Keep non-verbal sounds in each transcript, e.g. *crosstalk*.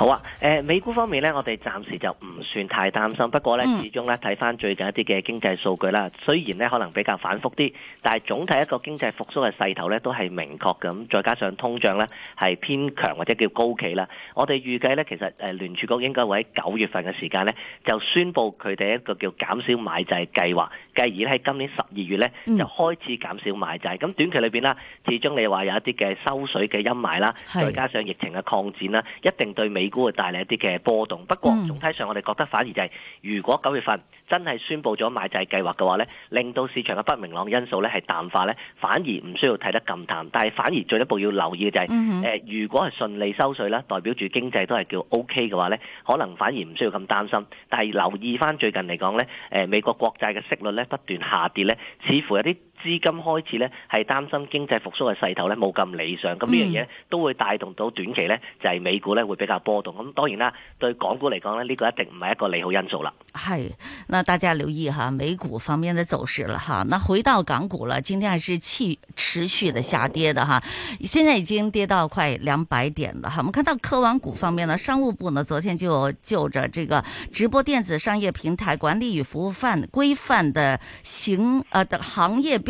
好啊，呃，美股方面呢，我哋暫時就唔算太擔心，不過呢，始終呢，睇翻最近一啲嘅經濟數據啦，雖然呢可能比較反復啲，但係總體一個經濟復甦嘅勢頭呢都係明確，咁再加上通脹呢，係偏強或者叫高企啦，我哋預計呢，其實聯、呃、聯儲局應該會喺九月份嘅時間呢，就宣布佢哋一個叫減少買債計劃，繼而喺今年十二月呢，就開始減少買債。咁短期裏邊啦，始終你話有一啲嘅收水嘅陰霾啦，的再加上疫情嘅擴展啦，一定對美估會帶嚟一啲嘅波動，不過總體上我哋覺得反而就係、是，如果九月份真係宣布咗買債計劃嘅話咧，令到市場嘅不明朗因素咧係淡化咧，反而唔需要睇得咁淡，但係反而進一步要留意嘅就係、是，誒、嗯、哼如果係順利收稅咧，代表住經濟都係叫 OK 嘅話咧，可能反而唔需要咁擔心，但係留意翻最近嚟講咧，誒美國國債嘅息率咧不斷下跌咧，似乎有啲資金開始呢，係擔心經濟復甦嘅勢頭呢冇咁理想，咁呢樣嘢都會帶動到短期呢，就係美股呢會比較波動，咁當然啦對港股嚟講呢，呢個一定唔係一個利好因素啦。係，那大家留意哈美股方面的走勢啦哈，那回到港股了，今天係持續持續的下跌的哈，現在已經跌到快兩百點了哈。我們看到科網股方面呢，商務部呢昨天就就着這個直播電子商業平台管理與服務範規範的行呃的行業。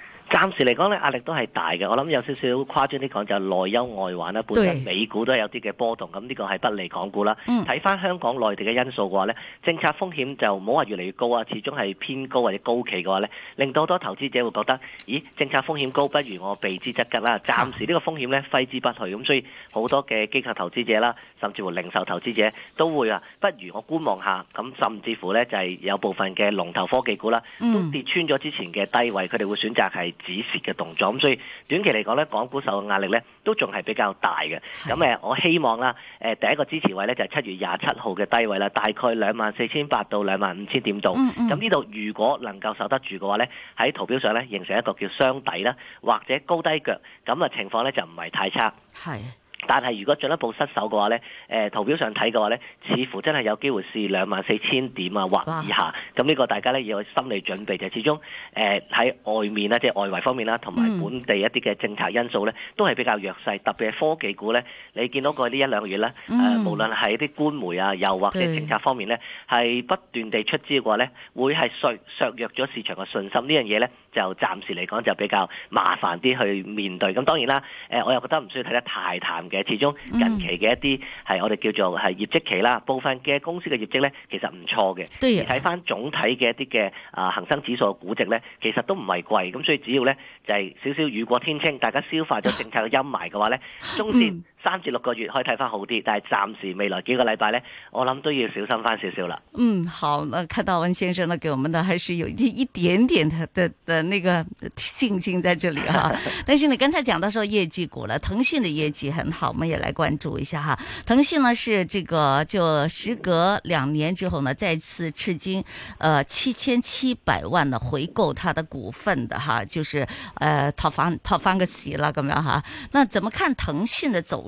暫時嚟講咧，壓力都係大嘅。我諗有少少誇張啲講，就係、內憂外患啦。本身美股都有啲嘅波動，咁呢個係不利港股啦。睇返香港內地嘅因素嘅話咧，嗯、政策風險就唔好話越嚟越高啊，始終係偏高或者高企嘅話咧，令到好多投資者會覺得，咦，政策風險高，不如我避之則吉啦。暫時呢個風險咧揮之不去，咁所以好多嘅機構投資者啦，甚至乎零售投資者都會啊，不如我觀望下。咁甚至乎咧就係有部分嘅龍頭科技股啦，都跌穿咗之前嘅低位，佢哋會選擇係止蝕嘅動作咁，所以短期嚟講咧，港股受嘅壓力咧都仲係比較大嘅。咁、嗯、誒，我希望啦，誒第一個支持位咧就係七月廿七號嘅低位啦，大概兩萬四千八到兩萬五千點度。咁呢度如果能夠守得住嘅話咧，喺圖表上咧形成一個叫雙底啦，或者高低腳，咁啊情況咧就唔係太差。係。但係如果進一步失守嘅話咧，誒圖表上睇嘅話咧，似乎真係有機會試兩萬四千點啊或以下。咁呢個大家咧要有心理準備嘅，始終誒喺外面啦，即係外圍方面啦，同埋本地一啲嘅政策因素咧，都係比較弱勢。特別係科技股咧，你見到過呢一兩月咧，無論係啲官媒啊，又或者政策方面咧，係不斷地出資嘅話咧，會係削削弱咗市場嘅信心樣呢樣嘢咧。就暫時嚟講就比較麻煩啲去面對，咁當然啦，誒我又覺得唔需要睇得太淡嘅，始終近期嘅一啲係、嗯、我哋叫做係業績期啦，部分嘅公司嘅業績咧其實唔錯嘅，而睇翻總體嘅一啲嘅啊恒生指數嘅估值咧，其實都唔係貴，咁所以只要咧就係少少雨過天青，大家消化咗政策嘅陰霾嘅話咧，中線、 *laughs* 嗯。三至六個月可以睇翻好啲，但係暫時未來幾個禮拜呢，我諗都要小心翻少少啦。嗯，好，那看到溫先生呢，給我們的還是有一一點點的的的那個信心在這裏哈。 *laughs* 但是你剛才講到說業績股啦，騰訊的業績很好，我們也來關注一下哈。騰訊呢是這個就時隔兩年之後呢，再次斥金，呃七千七百萬的回購它的股份的哈，就是，呃，套翻套翻個席啦咁樣哈、啊。那怎麼看騰訊的走？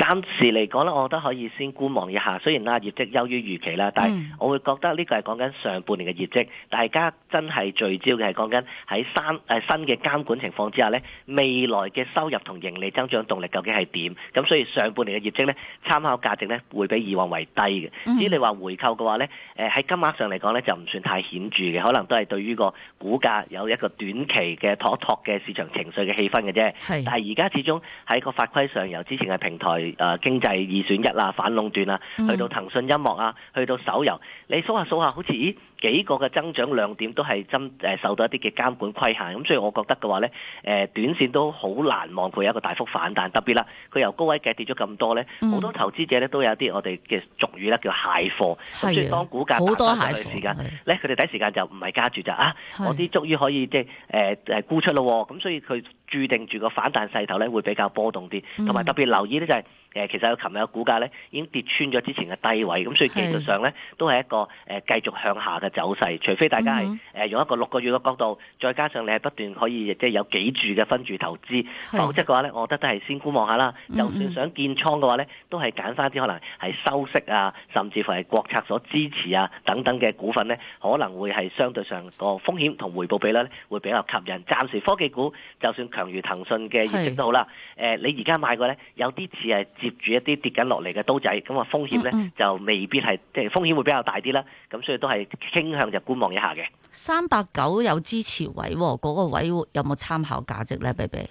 暫時嚟講咧，我都可以先觀望一下。雖然啦，業績優於預期啦，但係我會覺得呢個係講緊上半年嘅業績。大家真係聚焦嘅係講緊喺新新嘅監管情況之下，呢未來嘅收入同盈利增長動力究竟係點？咁所以上半年嘅業績呢，參考價值呢會比以往為低嘅。至於你話回購嘅話呢，喺金額上嚟講呢，就唔算太顯著嘅，可能都係對於個股價有一個短期嘅妥妥嘅市場情緒嘅氣氛嘅啫。但係而家始終喺個法規上由之前嘅平台。誒、啊、經濟二選一啦、啊，反壟斷啊，去到騰訊音樂啊，去到手遊、啊，你數下數下，好似幾個嘅增長亮點都係針誒、呃、受到一啲嘅監管規限，咁、嗯、所以我覺得嘅話咧，誒、呃、短線都好難望佢有一個大幅反彈，特別啦，佢由高位嘅跌咗咁多咧，好多投資者咧都有啲我哋嘅俗語啦叫蟹貨的、嗯嗯，所以當股價爬翻嚟嘅時間咧，佢哋第一時間就唔係加住就啊，的我啲終於可以即係誒誒沽出咯，咁所以佢註定住個反彈勢頭咧會比較波動啲，同埋特別留意咧就係、是。嗯呃誒，其實有琴日嘅股價咧，已經跌穿咗之前嘅低位，咁所以技術上咧，都係一個誒繼續向下嘅走勢。除非大家係用一個六個月嘅角度，再加上你係不斷可以即係有幾注嘅分注投資，否則嘅話咧，我覺得都係先觀望一下啦。就是 算想建倉嘅話咧，都係揀返啲可能係收息啊，甚至乎係國策所支持啊等等嘅股份咧，可能會係相對上個風險同回報比率咧會比較吸引。暫時科技股就算強如騰訊嘅業績都好啦，誒是、呃，你而家買過咧有啲似係。接住一啲跌緊落嚟嘅刀仔，咁啊風險咧就未必係，即係風險會比較大啲啦。咁所以都係傾向就觀望一下嘅。三百九有支持位，嗰、那個位有冇參考價值咧？比比。Be be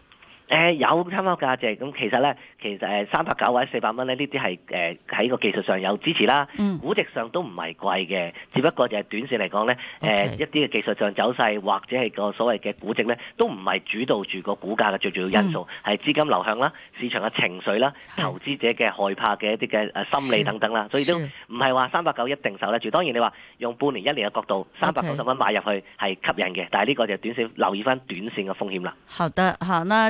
誒有參考價值咁，其實咧，其實誒三百九或者四百蚊咧，呢啲係誒喺個技術上有支持啦，估值上都唔係貴嘅，只不過就係短線嚟講咧，誒、呃、Okay. 一啲嘅技術上走勢或者係個所謂嘅估值咧，都唔係主導住個股價嘅最重要因素，係資、mm. 金流向啦、市場嘅情緒啦、投資者嘅害怕嘅一啲嘅心理等等啦，所以都唔係話三百九一定守得住。當然你話用半年、一年嘅角度，三百九十蚊買入去係吸引嘅，Okay. 但係呢個就係短線留意翻短線嘅風險啦。好得好，啦。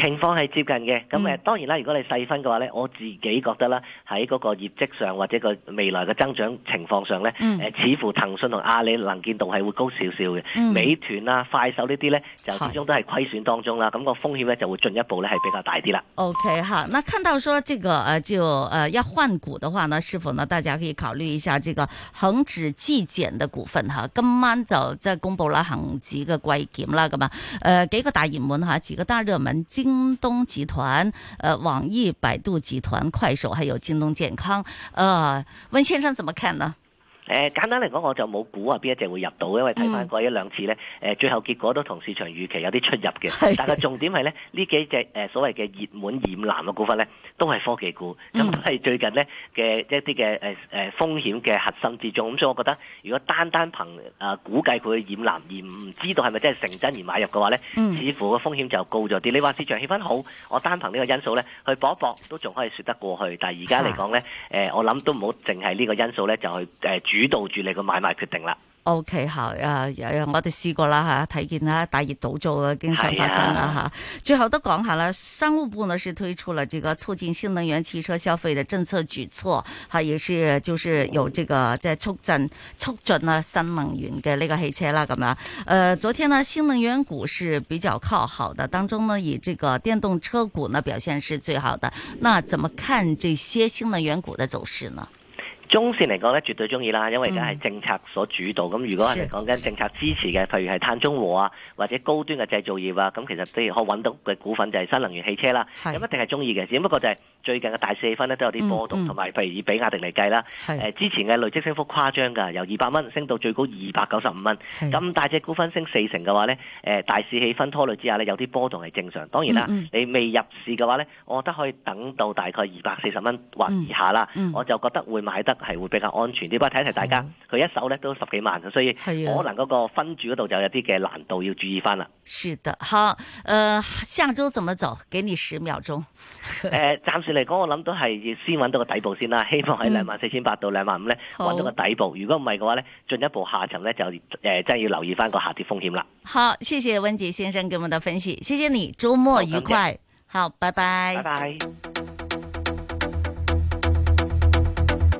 情況係接近嘅，咁誒當然啦。如果你細分嘅話咧，嗯、我自己覺得啦，喺嗰個業績上或者個未來嘅增長情況上咧，誒、嗯、似乎騰訊同阿里能見度係會高少少嘅。嗯、美團啊、快手呢啲咧就始終都係虧損當中啦，咁是個風險咧就會進一步咧係比較大啲啦。OK，吓，那看到說這個誒就誒、呃、要換股嘅話呢，是否呢大家可以考慮一下這個恒指季檢嘅股份吓。今晚就即係公佈啦恒指嘅季檢啦，咁啊誒幾個大熱門吓，幾個大熱門京東集團、呃、網易、王毅百度集團、快手，還有京東健康，呃，溫先生怎麼看呢？誒、呃，簡單嚟講，我就冇估啊，邊一隻會入到，因為睇翻過一兩次咧，誒、嗯呃，最後結果都同市場預期有啲出入嘅，是但係重點係咧，呢幾隻誒、呃、所謂嘅熱門染藍嘅股份咧。都係科技股，咁都係最近呢嘅一啲嘅誒誒風險嘅核心之中，咁所以我覺得，如果單單憑啊估計佢嘅掩籃而唔知道係咪真係成真而買入嘅話呢，似乎個風險就高咗啲。你話市場氣氛好，我單憑呢個因素呢去搏一搏都仲可以說得過去，但係而家嚟講呢，誒我諗都唔好淨係呢個因素呢，就去誒主導住你個買賣決定啦。O、okay, K 好，有、啊、有、啊、我哋試過啦哈，睇見啦大熱倒灶啊，經常發生啦吓。哎、呀最後都講下啦，商務部呢是推出了這個促進新能源汽車消費的政策舉措，吓也是就是有這個在促進促進啊新能源嘅呢個汽車啦咁樣呃，昨天呢新能源股是比較靠好的，當中呢以這個電動車股呢表現是最好的。那怎麼看這些新能源股的走勢呢？中線嚟講咧，絕對中意啦，因為就係政策所主導。咁、嗯、如果我哋講緊政策支持嘅，譬如係碳中和啊，或者高端嘅製造業啊，咁其實譬如可揾到嘅股份就係新能源汽車啦。咁是一定係中意嘅，只不過就係最近嘅大市氣氛咧都有啲波動，同埋、嗯嗯、譬如以比亞迪嚟計啦，是之前嘅累積升幅誇張㗎，由二百蚊升到最高二百九十五蚊。咁是大隻股份升四成嘅話咧，大市氣氛拖累之下咧，有啲波動係正常。當然啦、啊，嗯嗯、你未入市嘅話咧，我覺得可以等到大概二百四十蚊或以下啦，嗯嗯、我就覺得會買得。係會比較安全啲，不過睇一睇大家佢、嗯、一手咧都十幾萬，所以可能嗰個分住嗰度就有啲嘅難度，要注意翻啦。是的，吓，誒、呃，下周怎麼走？給你十秒鐘。誒、 *laughs* 呃，暫時嚟講，我諗都係要先揾到個底部先啦，希望喺兩萬四千八到兩萬五咧揾到個底部。如果唔係嘅話咧，進一步下沉咧就誒、呃、真係要留意翻個下跌風險啦。好，謝謝溫傑先生給我們的分析，謝謝你，周末愉快，好，好，拜拜，拜拜。拜拜。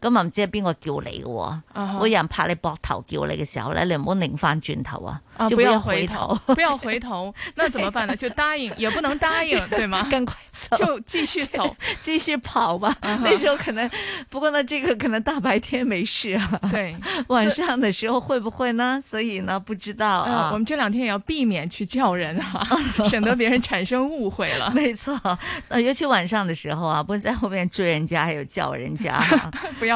咁啊唔知係邊個叫你嘅，會有人拍你膊頭叫你嘅時候咧，你唔好擰翻轉頭啊，就不要回頭，不要回頭，那怎麼辦呢？就答應也不能答應，對嗎？趕快走，就繼續走，繼續跑吧。那時候可能不過呢，這個可能大白天沒事，對，晚上的時候會不會呢？所以呢，不知道啊。我們這兩天也要避免去叫人啊，省得別人產生誤會了。沒錯，尤其晚上的時候啊，不能在後面追人家，還有叫人家，不要。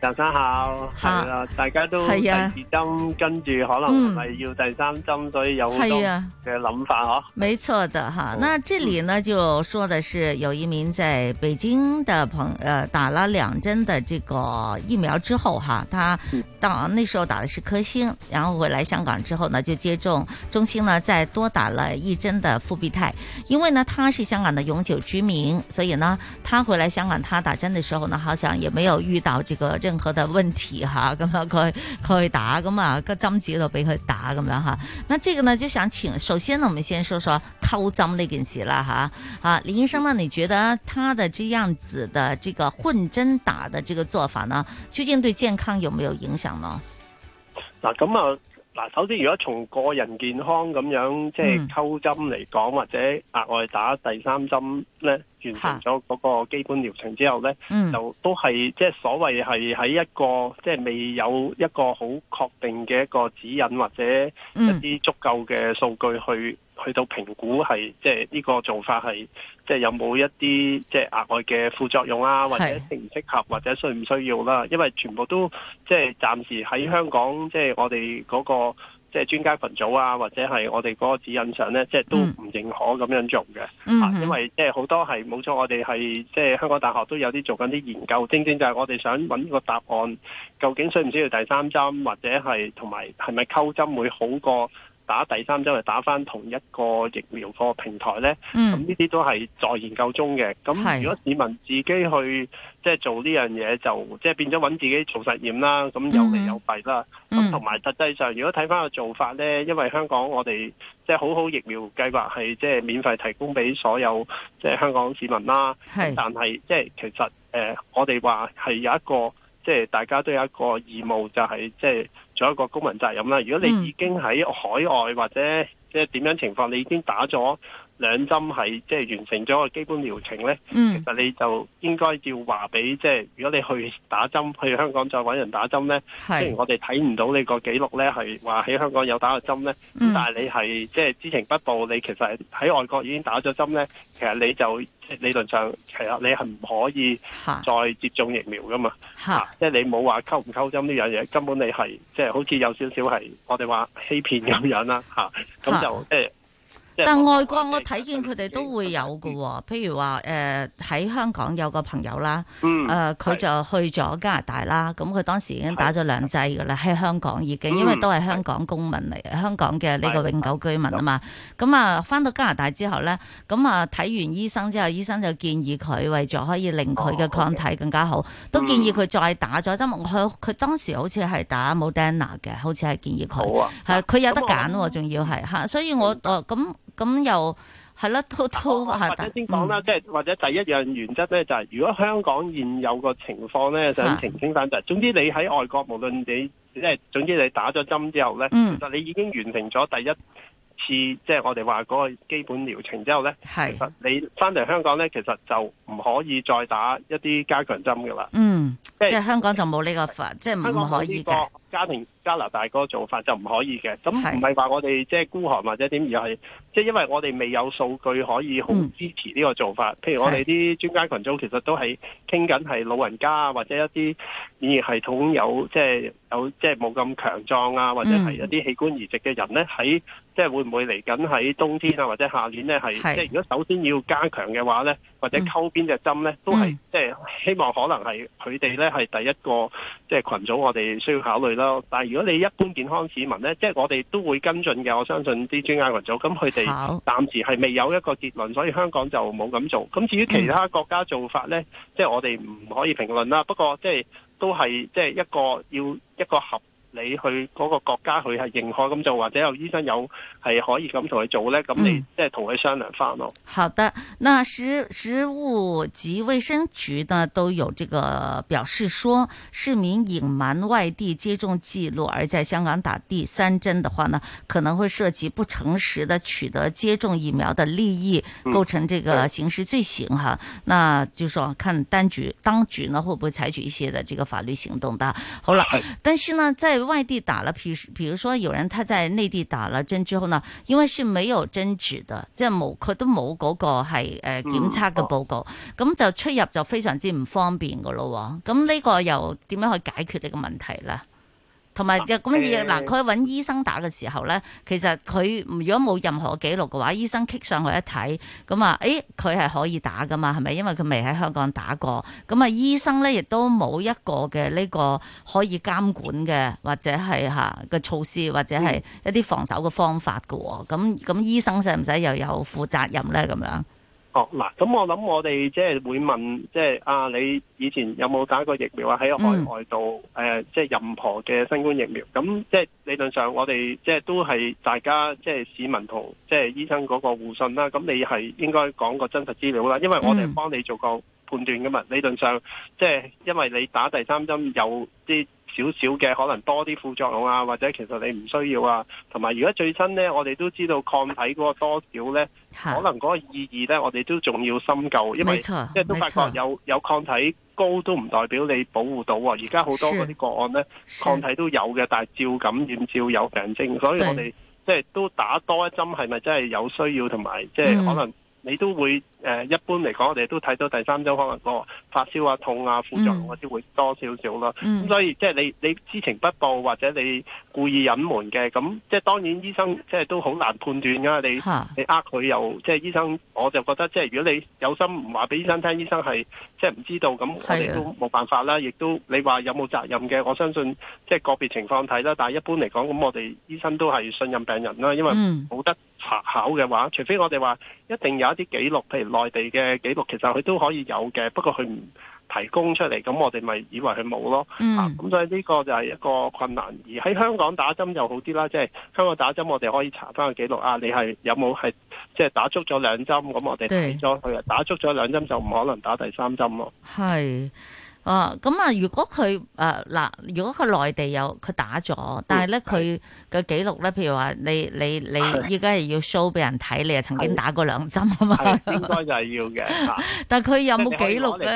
第三好係好啊，大家都第二針、啊、跟住可能係要第三針，嗯、所以有好多，嘅諗法嗬。沒錯的哈，嗯、那這裏呢就說的是有一名在北京的朋，呃、嗯、打了兩針的這個疫苗之後哈，他到那時候打的是科興，嗯、然後回來香港之後呢就接種中心呢再多打了一針的複必泰，因為呢他是香港的永久居民，所以呢他回來香港他打針的時候呢，好像也沒有遇到這個。任何的問題吓，咁啊佢佢打咁啊個針子度俾佢打咁樣吓，那這個呢就想請首先呢，我們先說說溝針呢件事啦吓，啊李醫生呢你覺得他的這樣子的這個混針打的這個做法呢，究竟對健康有沒有影響呢？嗱咁啊嗱，首先如果從個人健康咁樣即係溝針嚟講，或者額外打第三針咧？完成咗嗰個基本療程之後咧、嗯，就都係即係所謂係喺一個即係、就是、未有一個好確定嘅一個指引，或者一啲足夠嘅數據去去到評估係即係呢個做法係即係有冇一啲即係額外嘅副作用啊，或者適唔適合，是或者需唔需要啦、啊？因為全部都即係、就是、暫時喺香港，即、就、係、是、我哋嗰、那個。即係專家群組啊，或者係我哋嗰個指引上咧，即係都唔認可咁樣做嘅。mm hmm. 啊，因為即係好多係冇錯，我哋係即係香港大學都有啲做緊啲研究，正正就係我哋想搵個答案，究竟需唔需要第三針，或者係同埋係咪溝針會好過？打第三針，打翻同一個疫苗個平台咧，咁呢啲都係在研究中嘅。咁是如果市民自己去即係做呢樣嘢，就即係變咗揾自己做實驗啦。咁有利有弊啦。咁同埋實際上，如果睇翻個做法咧，因為香港我哋即係好好疫苗計劃係即係免費提供俾所有即係香港市民啦。是但係即係其實誒、呃，我哋話係有一個即係大家都有一個義務，就係即係。就是做一個公民責任啦。如果你已經喺海外或者即係點樣情況，你已經打咗。兩針係即係完成咗個基本療程咧，嗯、其實你就應該要話俾即係，如果你去打針去香港再揾人打針咧，雖然我哋睇唔到你個記錄咧，係話喺香港有打過針咧，嗯、但係你係即係知情不報，你其實喺外國已經打咗針咧，其實你就理論上其實你係唔可以再接種疫苗噶嘛，即係你冇話溝唔溝針呢樣嘢，根本你係即係好似有少少係我哋話欺騙咁樣啦咁、啊、就、啊啊但外國我睇見佢哋都會有嘅喎、哦，譬如話誒喺香港有個朋友啦，誒、呃、佢就去咗加拿大啦，咁佢當時已經打咗兩劑嘅啦，喺香港已經，因為都係香港公民嚟，香港嘅呢個永久居民啊嘛，咁啊翻到加拿大之後咧，咁啊睇完醫生之後，醫生就建議佢為咗可以令佢嘅抗體更加好，哦 okay. 都建議佢再打咗，即佢佢當時好似係打冇 d a n n e 嘅，好似係建議佢，係佢、啊、有得揀喎，仲、嗯、要係嚇，所以我我咁。哦嗯咁又係啦，都都係。或者先講啦，即係、嗯、或者第一樣原則咧，就係、是、如果香港現有個情況咧，就係澄清翻就係。總之你喺外國，無論你即係總之你打咗針之後咧，其實你已經完成咗第一。似即係我哋話嗰個基本療程之後呢，係你翻嚟香港呢，其實就唔可以再打一啲加強針㗎啦。嗯，即係、即係、香港就冇呢個法，即係唔可以家庭加拿大嗰個做法就唔可以嘅。咁唔係話我哋即係孤寒或者點，而係即係因為我哋未有數據可以好支持呢個做法。嗯、譬如我哋啲專家群組其實都係傾緊係老人家或者一啲免疫系統有即係、即係、有即係冇咁強壯啊，或者係一啲器官移植嘅人呢喺。即係會唔會嚟緊喺冬天啊，或者下年咧係？係係即係如果首先要加強嘅話咧，或者溝邊隻針咧，都係、嗯、即係希望可能係佢哋咧係第一個即係群組我哋需要考慮啦。但係如果你一般健康市民咧，即係我哋都會跟進嘅。我相信啲專家群組咁，佢哋暫時係未有一個結論，所以香港就冇咁做。咁至於其他國家做法咧，嗯、即係我哋唔可以評論啦。不過即係都係即係一個要一個合。你去嗰個國家佢係認可咁做，或者有醫生有係可以咁同佢做咧，咁你即係同佢商量翻咯、嗯。好的，那食食物及衛生局呢都有這個表示，說市民隱瞞外地接種記錄，而在香港打第三針的話呢，可能會涉及不誠實的取得接種疫苗的利益，構成這個刑事罪行哈。嗯、那就說看單局當局呢會不會採取一些的這個法律行動。的。好了，是但是呢在去外地打啦，譬如，譬如說有人他在內地打啦，針之後呢，因為是沒有針紙的，即係冇佢都冇嗰個係誒檢測嘅報告，咁、嗯哦、就出入就非常之唔方便噶咯。咁呢個又點樣去解決呢個問題咧？同埋咁嗱佢揾醫生打嘅時候咧，其實佢如果冇任何記錄嘅話，醫生棘上去一睇，咁、哎、啊，誒佢係可以打㗎嘛，係咪？因為佢未喺香港打過，咁啊，醫生咧亦都冇一個嘅呢個可以監管嘅，或者係嚇嘅措施，或者係一啲防守嘅方法㗎喎。咁咁醫生使唔使又有負責任咧？咁樣？嗱，咁、哦、我諗我哋即係會問，即、就、係、是、啊，你以前有冇打過疫苗啊？喺海外度，誒，即係任何嘅新冠疫苗。咁即係理論上，我哋即係都係大家即係市民同即係醫生嗰個互信啦。咁你係應該講個真實資料啦，因為我哋幫你做個、嗯。判斷㗎嘛，理論上，即係因為你打第三針有啲少少嘅可能多啲副作用啊，或者其實你唔需要啊。同埋如果最新呢，我哋都知道抗體嗰個多少呢，是可能嗰個意義呢，我哋都仲要深究，因為即係錯都發覺有錯有抗體高都唔代表你保護到啊。而家好多嗰啲個案呢，是抗體都有嘅，但係照感染照有病徵，所以我哋對即係都打多一針係咪真係有需要同埋即係可能、嗯？你都會誒、呃，一般嚟講，我哋都睇到第三周可能個發燒啊、痛啊、副作用嗰啲會多少少咯。咁、嗯、所以即係你你知情不報或者你故意隱瞞嘅，咁即係當然醫生即係都好難判斷㗎。你你呃佢又即係醫生，我就覺得即係如果你有心唔話俾醫生聽，醫生係即係唔知道咁，我哋都冇辦法啦。亦的都你話有冇責任嘅，我相信即係個別情況睇啦。但係一般嚟講，咁我哋醫生都係信任病人啦，因為冇得。查考嘅話，除非我哋話一定有一啲記錄，譬如內地嘅記錄，其實佢都可以有嘅，不過佢唔提供出嚟，咁我哋咪以為佢冇咯。嗯，啊，咁所以呢個就係一個困難。而喺香港打針就好啲啦，即係香港打針，我哋可以查翻個記錄啊，你係有冇係即係打足咗兩針，咁我哋睇咗佢啊，對打足咗兩針就唔可能打第三針咯。係。哦，咁啊，如果佢誒嗱，如果佢內地有佢打咗，嗯、但係咧佢嘅記錄咧，譬如話你你你依家係要 show 俾人睇，你啊曾經打過兩針啊嘛的， *laughs* 應該就係要嘅 *laughs* 但係佢有冇記錄咧？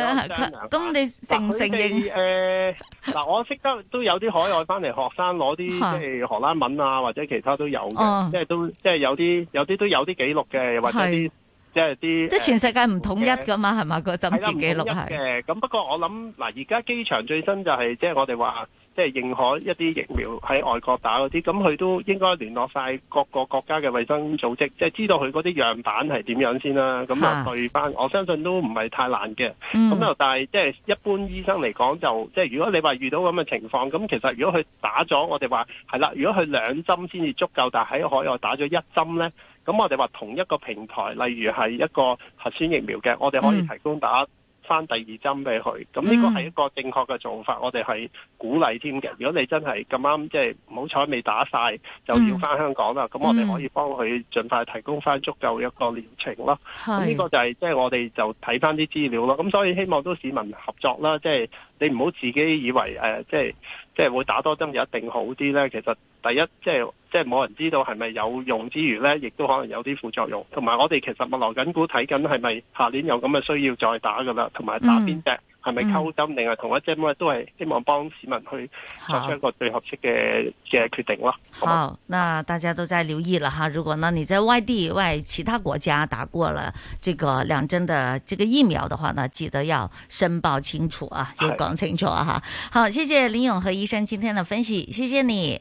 咁你承唔承認？嗱、呃，我識得都有啲海外翻嚟學生攞啲 *laughs* 即係荷蘭文啊，或者其他都有嘅、啊，即係都即係有啲有啲都有啲記錄嘅，或者啲。即係啲即係全世界唔統一噶嘛，係嘛，個針紙記錄係。咁的不過我諗嗱，而家機場最新就係即係我哋話，即係認可一啲疫苗喺外國打嗰啲，咁佢都應該聯絡晒各個國家嘅衛生組織，即係知道佢嗰啲樣板係點樣先啦。咁啊，對返，我相信都唔係太難嘅。咁又、嗯、但係即係一般醫生嚟講就，就即係如果你話遇到咁嘅情況，咁其實如果佢打咗我哋話係啦，如果佢兩針先至足夠，但係喺海外打咗一針咧。咁我哋話同一個平台，例如係一個核酸疫苗嘅，我哋可以提供打翻第二針俾佢。咁呢、嗯、個係一個正確嘅做法，嗯、我哋係鼓勵添嘅。如果你真係咁啱，即係唔好彩未打曬，就要翻香港啦。咁、嗯、我哋可以幫佢盡快提供翻足夠一個療程咯。咁呢、嗯、個就係即係我哋就睇翻啲資料咯。咁所以希望都市民合作啦，即、就、係、是、你唔好自己以為誒，即係即係會打多針就一定好啲咧。其實第一即係。就是即係冇人知道係咪有用之餘呢，亦都可能有啲副作用。同埋我哋其實物流緊股睇緊係咪下年有咁嘅需要再打噶啦，同埋打邊隻係咪溝針，定係、嗯、同一隻乜都係希望幫市民去作出一個最合適嘅嘅決定咯。好，好，那大家都在留意啦哈。如果呢你在外地外其他國家打過了這個兩針的這個疫苗的話呢，記得要申報清楚啊，要講清楚啊。是好，謝謝林永和醫生今天的分析，謝謝你。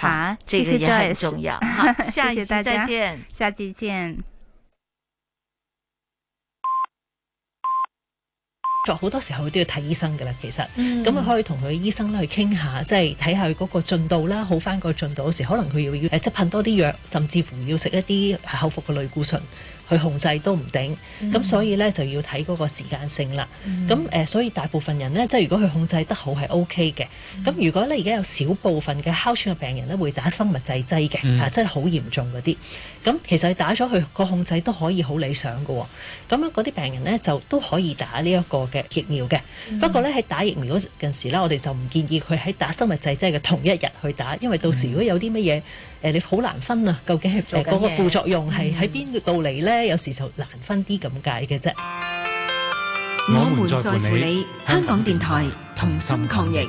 啊，哈這個也很重要。謝謝大家，再見，下集見。作好多時候都要睇醫生噶啦，其實，咁佢、嗯、可以同佢醫生咧去傾下，即係睇下佢嗰個進度啦，好翻個進度有時，可能佢要要誒即係噴多啲藥，甚至乎要食一啲口服嘅類固醇。去控制都唔頂，咁、嗯、所以呢就要睇嗰個時間性啦。咁誒、嗯、呃，所以大部分人呢，即係如果佢控制得好係 O K 嘅，咁、嗯、如果呢而家有少部分嘅哮喘嘅病人呢，會打生物製劑嘅，吓、嗯啊、真係好嚴重嗰啲。咁其實打咗佢個控制都可以好理想嘅、哦，咁樣嗰啲病人呢，就都可以打呢一個嘅疫苗嘅。嗯、不過呢，喺打疫苗嗰陣時咧，我哋就唔建議佢喺打生物製劑嘅同一日去打，因為到時如果有啲乜嘢誒，你好難分啊，究竟係嗰、呃、個副作用係喺邊度嚟呢？嗯、有時就難分啲咁解嘅啫。我們在乎你，香港電台同心抗疫。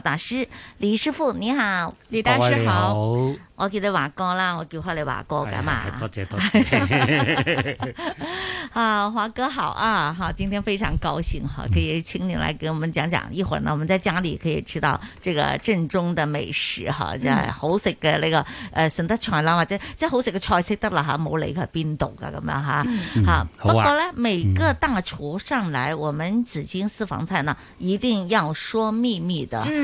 大師李師傅你好，李大師好，你好，我記得華哥啦，我叫下你華哥㗎嘛。多、哎、謝多謝。啊， *laughs* 華哥好啊，好，今天非常高興哈，可以請你來給我們講講。嗯、一會兒呢，我們在家裏可以吃到這個正宗的美食哈，真係、嗯、好食的。那個誒順德菜啦，或者即係好食嘅菜式得啦哈，冇理佢係邊度噶咁樣哈。嗯、好不過、啊、呢，每個大廚上來，嗯、我們紫荊私房菜呢，一定要說秘密的。嗯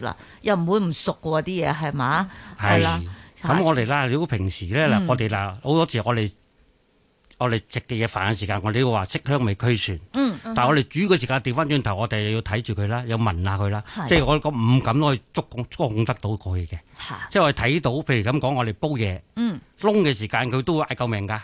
啦，嗯、又唔會唔熟過啲嘢係嘛？係啦，咁我哋啦，如果平時咧嗱，嗯、我哋啦好多時我哋我哋食嘅嘢，飯嘅時間我哋都會話色香味俱全。嗯，嗯但係我哋煮嘅時間調翻轉頭，我哋又要睇住佢啦，要聞下佢啦。的即係我個五感都可以觸控觸控得到佢嘅。的即係我哋睇到，譬如咁講，我哋煲嘢，嗯，燶嘅時間佢都會嗌救命噶。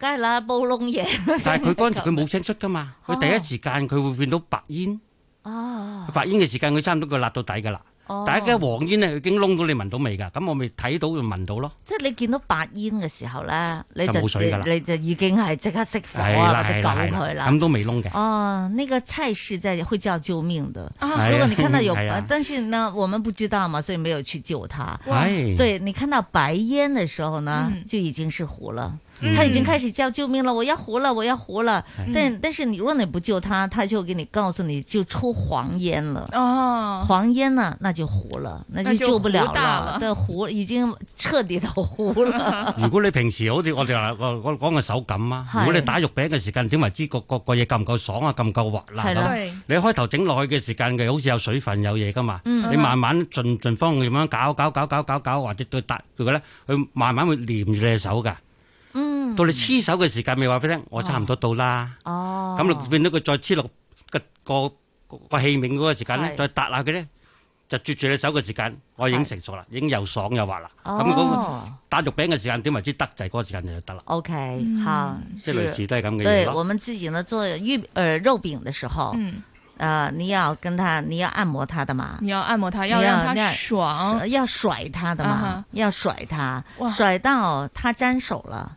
梗係啦，煲燶嘢。 *laughs* 但係佢嗰陣佢冇聲出噶嘛？佢第一時間佢會變到白煙。哦，白煙嘅時間佢差唔多佢焫到底噶啦，第一嘅黃煙咧佢已經窿到你聞到味噶，咁我咪睇到就聞到咯。即係你見到白煙嘅時候咧，你就你就已經係即刻熄火啊，或者救佢啦。咁都未窿嘅。哦，呢個菜式即係會叫救命嘅。如果你看到有，但是呢，我們不知道嘛，所以沒有去救它。哇，對你看到白煙的時候呢，就已經是火了。他已經開始叫救命了，我要糊了，我要糊了、嗯、但但是如果你不救他，他就給你告訴你就出黃煙了。哦，黃煙呢，那就糊了，那就救不了了。的糊已經徹底的糊了。嗯、如果你平時好似我哋話，我我講個手感啊，是 如果你打肉餅嘅時間點，為知個個嘢夠唔夠爽啊，夠唔夠滑啦咁。的你開頭頂落去嘅時間嘅，好似有水分有嘢噶嘛。嗯、你慢慢盡盡方咁樣搞，搞搞搞搞搞，攪，或者對搭佢咧，佢慢慢會黏住你隻手噶。到你黐手嘅時間，未話俾你聽，我差唔多到啦。哦，咁變到佢再黐落個個個器皿嗰個時間咧，再揼下佢咧，就絕住你手嘅時間，我已經成熟啦，已經又爽又滑啦。哦，咁咁打肉餅嘅時間點為之得滯嗰個時間就得啦。OK，吓，即係類似都係咁嘅嘢。對，我們自己呢做玉誒肉餅嘅時候，嗯，啊，你要跟他，你要按摩他的嘛。你要按摩他，要讓他爽，要甩他的嘛。要甩他，甩到他粘手了。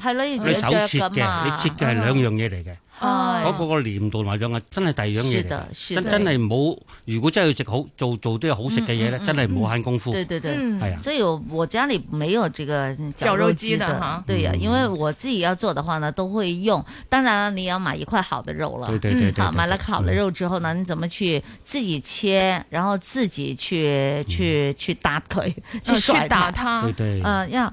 係咯，你手切嘅，你切嘅係兩樣嘢嚟嘅。嗰個個黏度同埋樣真係第二樣嘢嚟。真真係唔好，如果真係要食好，做做啲好食嘅嘢咧，真係唔好慳功夫。對對對，係啊。所以我我家裏沒有這個絞肉機的哈。對啊，因為我自己要做的話呢，都會用。當然你要買一塊好的肉啦。對對對對。好，買了好的肉之後呢，你怎麼去自己切，然後自己去去去打佢，去去打它。對對。嗯，要。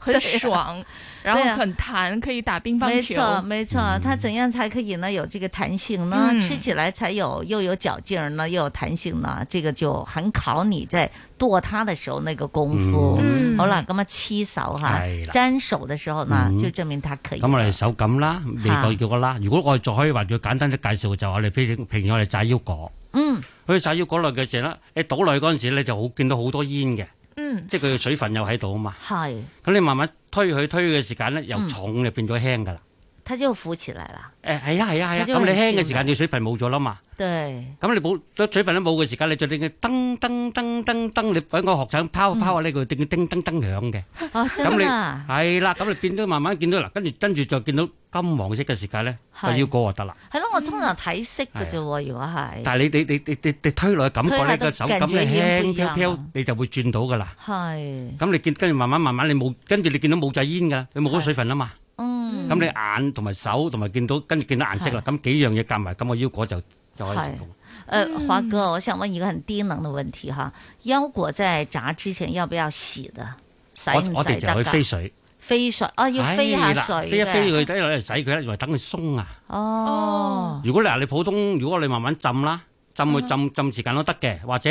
很爽，啊啊、然後很彈，可以打乒乓球。沒錯，沒錯。它怎樣才可以呢？有這個彈性呢？嗯、吃起來才有又有嚼勁呢，又有彈性呢？這個就很考你在剁它的時候那個功夫。嗯、好了，那麼黐手哈、啊，啦沾手的時候呢，嗯、就證明它可以。咁我哋手感啦，味道又個啦。啊、如果我再可以話，最簡單的介紹就我哋譬如譬如我哋炸腰果。嗯。去炸腰果咧嘅時候咧，你倒落去嗰陣時咧你就好見到好多煙嘅。嗯、即係佢嘅水分又喺度啊嘛，係是，咁你慢慢推佢推嘅時間咧，由重就變咗輕㗎啦。嗯佢就浮起來啦。誒係啊係啊係啊！咁你輕嘅時間，你水分冇咗啦嘛。對。咁你冇，都水分都冇嘅時間，你就點嘅噔噔噔噔噔，你揾個學診拋拋下呢個，點嘅叮噔噔響嘅。哦，真啊。咁你係啦，咁你變咗慢慢見到啦，跟住跟住再見到金黃色嘅時間咧，就要過就得啦。係咯，我通常睇色㗎啫喎，如果係。但係你你你你你推落去感覺咧，個手咁輕飄飄，你就會轉到噶啦。係。咁你見跟住慢慢慢慢，你冇跟住你見到冇曬煙㗎啦，你冇嗰個水分啦嘛。咁你眼同埋手同埋見到，跟住見到顏色啦。咁幾樣嘢夾埋，咁個腰果就就可以成功。誒，華哥，我想問一個很低能嘅問題嚇，腰果在炸之前要不要洗啊？洗唔洗得㗎？我哋就去飛水，飛水啊！要飛下水，飛一飛佢，等一嚟洗佢，一嚟等佢鬆啊。哦，如果你話你普通，如果你慢慢浸啦，浸去浸浸時間都得嘅，或者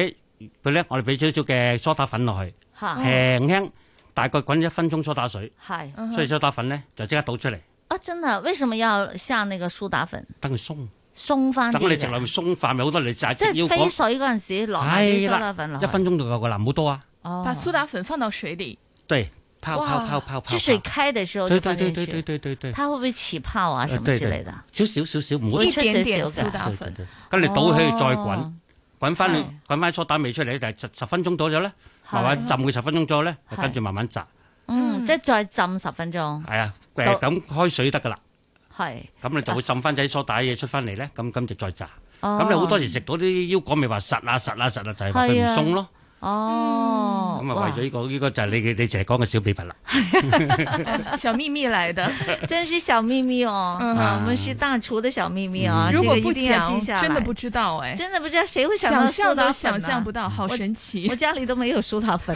佢咧，我哋俾少少嘅梳打粉落去，輕輕大概滾一分鐘梳打水，係，所以梳打粉咧就即刻倒出嚟。啊，真係，為什麼要下那個蘇打粉？等佢鬆，鬆翻。等你直落去鬆翻咪好多嚟炸。即係飛水嗰陣時落啲蘇打粉一分鐘就夠噶啦，唔好多啊。把蘇打粉放到水裏，對，泡泡泡泡泡泡。支水開的時候就落啲水。對對對對對對對對。它會不會起泡啊什麼之類的？少少少少，唔會。出一點點蘇打粉。跟你倒起嚟再滾，滾翻滾翻出蘇打味出嚟，就十十分鐘左右咧。慢慢浸佢十分鐘左右咧，跟住慢慢炸。嗯，即係再浸十分鐘。係啊。咁開水得噶啦，係咁你就會滲翻啲梳打嘢出翻嚟咧，咁咁就再炸。咁你好多時食到啲腰果咪話實啊實啊實啊，就係佢唔鬆咯。哦，咁啊為咗呢個呢個就係你嘅你成日講嘅小秘密啦。小秘密嚟嘅，真係小秘密哦。我哋係大廚嘅小秘密哦，如果不講真的不知道哎，真的不知道誰會想像到，想象不到，好神奇。我家裏都沒有梳打粉。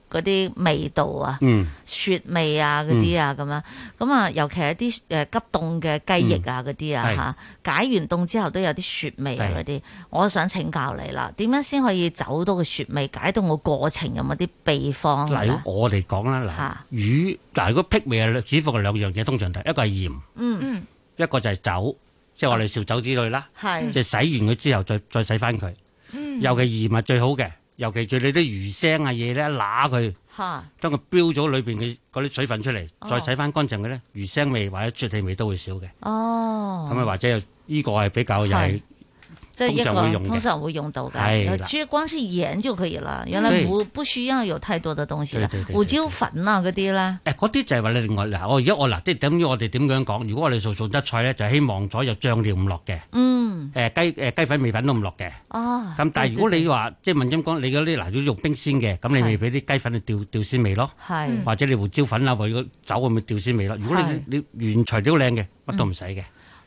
嗰啲味道啊，雪味啊嗰啲啊咁啊，咁啊，尤其一啲誒急凍嘅雞翼啊嗰啲啊嚇，解完凍之後都有啲雪味啊嗰啲，我想請教你啦，點樣先可以走到個雪味，解凍個過程有冇啲秘方？嗱，我哋講啦，嗱，魚嗱如果辟味啊，主要係兩樣嘢，通常第一個係鹽，嗯，一個就係酒，即係我哋燒酒之類啦，係，即係洗完佢之後再再洗翻佢，尤其鹽係最好嘅。尤其是你啲魚腥啊嘢咧，一揦佢，將佢標咗裏邊嘅嗰啲水分出嚟，再洗翻乾淨嘅咧，oh。魚腥味或者出氣味都會少嘅。哦，咁啊，或者呢個係比較又係。一個通常會用到嘅，其實光是鹽就可以了。原來不不需要有太多嘅東西啦，胡椒粉啊嗰啲啦。誒，嗰啲就係話你另外咧，我而家我嗱，即係等於我哋點樣講？如果我哋做素質菜咧，就係希望咗有醬料唔落嘅。嗯。誒雞誒雞粉味粉都唔落嘅。哦。咁但係如果你話即係問音講，你嗰啲嗱，如肉冰鮮嘅，咁你咪俾啲雞粉嚟調調鮮味咯。係。或者你胡椒粉啊，或者酒咁咪調鮮味咯。如果你你原材料靚嘅，乜都唔使嘅。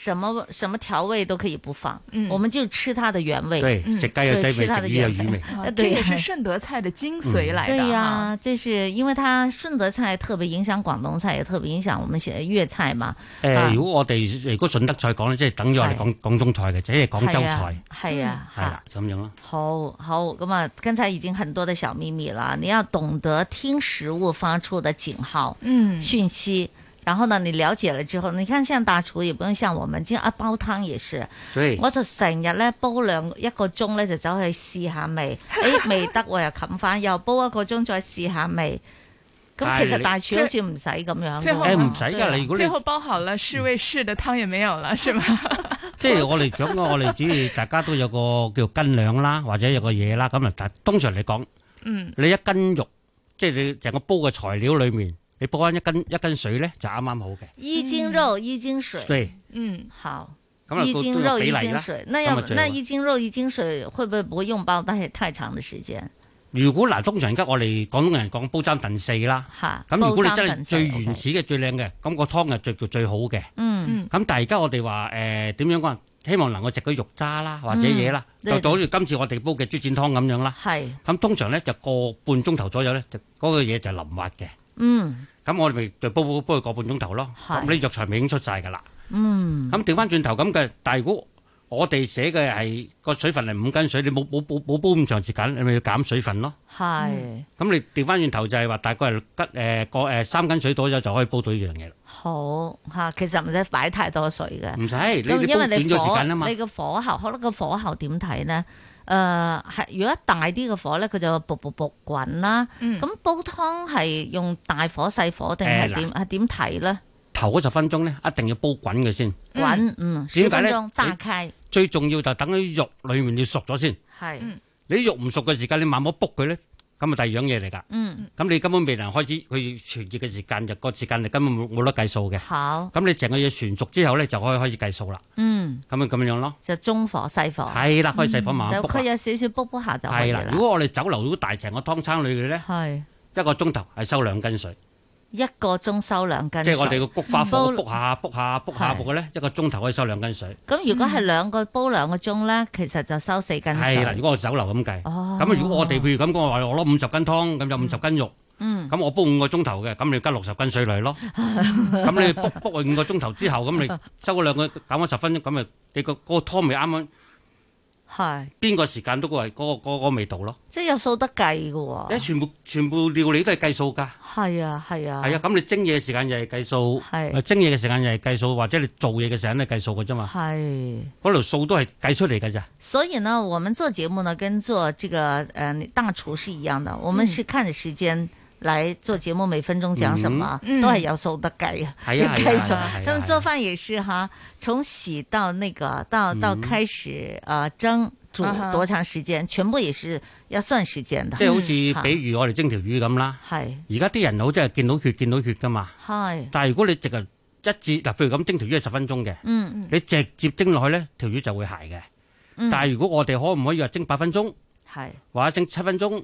什麼什麼調味都可以不放，我們就吃它的原味。對，食雞有雞味，食魚有魚味，這也是順德菜的精髓來的。對呀，這是因為它順德菜特別影響廣東菜，也特別影響我們嘅粵菜嘛。如果我哋如果順德菜講呢，即係等於我哋廣廣東菜嘅，即係廣州菜。係啊，係啦，咁樣咯。好，好，咁啊，剛才已經很多的小秘密啦。你要懂得聽食物發出的警號，嗯，訊息。然後呢，你了解了之後，你看像大廚，亦不用像我們，即係、啊、煲湯也是。對。我就成日咧煲兩個一個鐘咧，就走去試下味。哎， *laughs* 未得我又冚翻，又煲一個鐘再試下味。咁、哎、其實大廚這好似唔使咁樣。即係唔使噶，你如果即係煲好了試一試的湯也沒有啦，是嗎？ *laughs* 即係我哋講我哋只要大家都有個叫斤兩啦，或者有個嘢啦，咁啊，但通常嚟講，嗯，你一斤肉，即係你整個煲嘅材料裏面。你煲翻一斤一斤水咧，就啱啱好嘅對、嗯。一斤肉一斤水，對，嗯好。咁一斤肉一斤水，那那一斤肉一斤水，會不會唔會用煲得太長的時間？如果嗱，通常而家我哋廣東人講煲三燉四啦，吓哈。咁如果你真係最原始嘅最靚嘅，咁、okay、個湯係最最好嘅。嗯嗯。咁但係而家我哋話誒點樣講？希望能夠食到肉渣啦，或者嘢啦，嗯、對對就就好似今次我哋煲嘅豬展湯咁樣啦。係是。咁通常咧就個半鐘頭左右咧，那個、東西就嗰個嘢就淋滑嘅。嗯，咁我哋咪就煲煲煲佢個半鐘頭咯。咁啲藥材咪已經出晒噶啦。嗯，咁調翻轉頭咁嘅，但係如果我哋寫嘅係個水份係五斤水，你冇冇冇冇煲咁長時間，你咪要減水份咯。係，咁你調翻轉頭就係話大概係得誒個誒三斤水左右就可以煲到呢樣嘢啦。好吓，其實唔使擺太多水嘅。唔使，咁因為你短咗時間啊嘛。你個火候，可能個火候點睇咧？誒，係、呃、如果大啲嘅火咧，佢就卜卜卜滾啦。咁、嗯、煲湯係用大火細火定係點？係點睇咧？欸、提呢頭嗰十分鐘咧，一定要煲滾嘅先。滾，嗯，十分鐘大概。最重要就等啲肉裏面要熟咗先。係是，你肉唔熟嘅時間，你慢慢卜佢咧。咁啊，第二樣嘢嚟噶，咁、嗯、你根本未能開始，佢傳熱嘅時間日、嗰個時間，你根本冇冇得計數嘅。好，咁你成個嘢傳熟之後咧，就可以開始計數啦。嗯，咁啊咁樣咯，就中火細火，係啦，可以細火慢煲佢，有少少煲煲下就係啦。如果我哋酒樓如大成個湯餐裏嘅咧，係是一個鐘頭係收兩斤水。一個鐘收兩斤水，即係我哋個菊花火煲,煲下煲下煲下咁嘅咧，的一個鐘頭可以收兩斤水。咁、嗯、如果係兩個煲兩個鐘咧，其實就收四斤水。係啦，如果我酒樓咁計，咁、哦、如果我哋譬如咁講，我話我攞五十斤湯，咁就五十斤肉。嗯，咁、嗯、我煲五個鐘頭嘅，咁你加六十斤水嚟咯。咁 *laughs* 你煲煲佢五個鐘頭之後，咁你收嗰兩個減翻十分鐘，咁咪你個嗰個湯咪啱啱。係邊是個時間都係嗰個嗰個，個，個味道咯，即係有數得計噶喎。全部全部料理都係計數噶，係啊係啊。係啊，咁、啊、你蒸嘢嘅時間又係計數，是蒸嘢嘅時間又係計數，或者你做嘢嘅時間都係計數噶啫嘛。係嗰條數都係計出嚟噶咋。所以呢，我們做節目呢，跟做這個誒、呃、大廚是一樣嘅，我們是看嘅時間，嗯。嚟做節目，每分鐘講什麼都係有數得計啊！係啊，係啊，咁做飯也是哈，從洗到那個到到開始啊蒸煮多長時間，全部也是要算時間的。即係好似比如我哋蒸條魚咁啦，係。而家啲人好即係見到血見到血㗎嘛，係。但係如果你直接一至嗱，譬如咁蒸條魚係十分鐘嘅，嗯嗯，你直接蒸落去咧條魚就會鞋嘅。但係如果我哋可唔可以話蒸八分鐘？係，或者蒸七分鐘？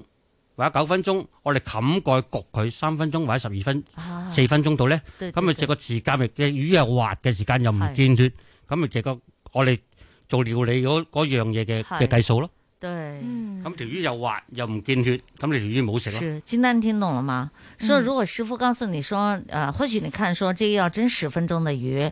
或者九分鐘，我哋冚蓋焗佢三分鐘或者十二分、四分鐘度咧，咁咪借個時間咪嘅魚又滑嘅時間又唔見血，咁咪借個我哋做料理嗰樣嘢嘅嘅計數咯。對，咁條魚又滑又唔見血，咁你條魚唔好食咯。金丹聽懂啦嘛？說、嗯、如果師傅告訴你說，誒、呃，或許你看，說這個要蒸十分鐘的魚。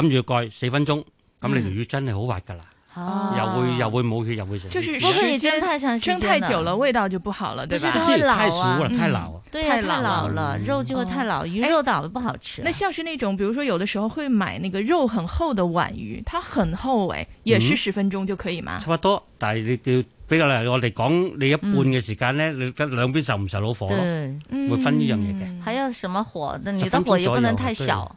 冚住蓋四分鐘，咁你條魚真係好滑噶啦，又會又會冇血，又會成。就是不可以你蒸太長，蒸太久了味道就不好了，對吧？太老了太老，對呀，太老了，肉就會太老，魚肉老了不好吃。那像是那種，比如說有的時候會買那個肉很厚的皖魚，它很厚欸，也是十分鐘就可以嗎？差唔多，但係你叫比較嚟我哋講你一半嘅時間呢，你兩邊受唔受到火咯？對，會分呢樣嘢嘅。還要什麼火？你的火也不能太小。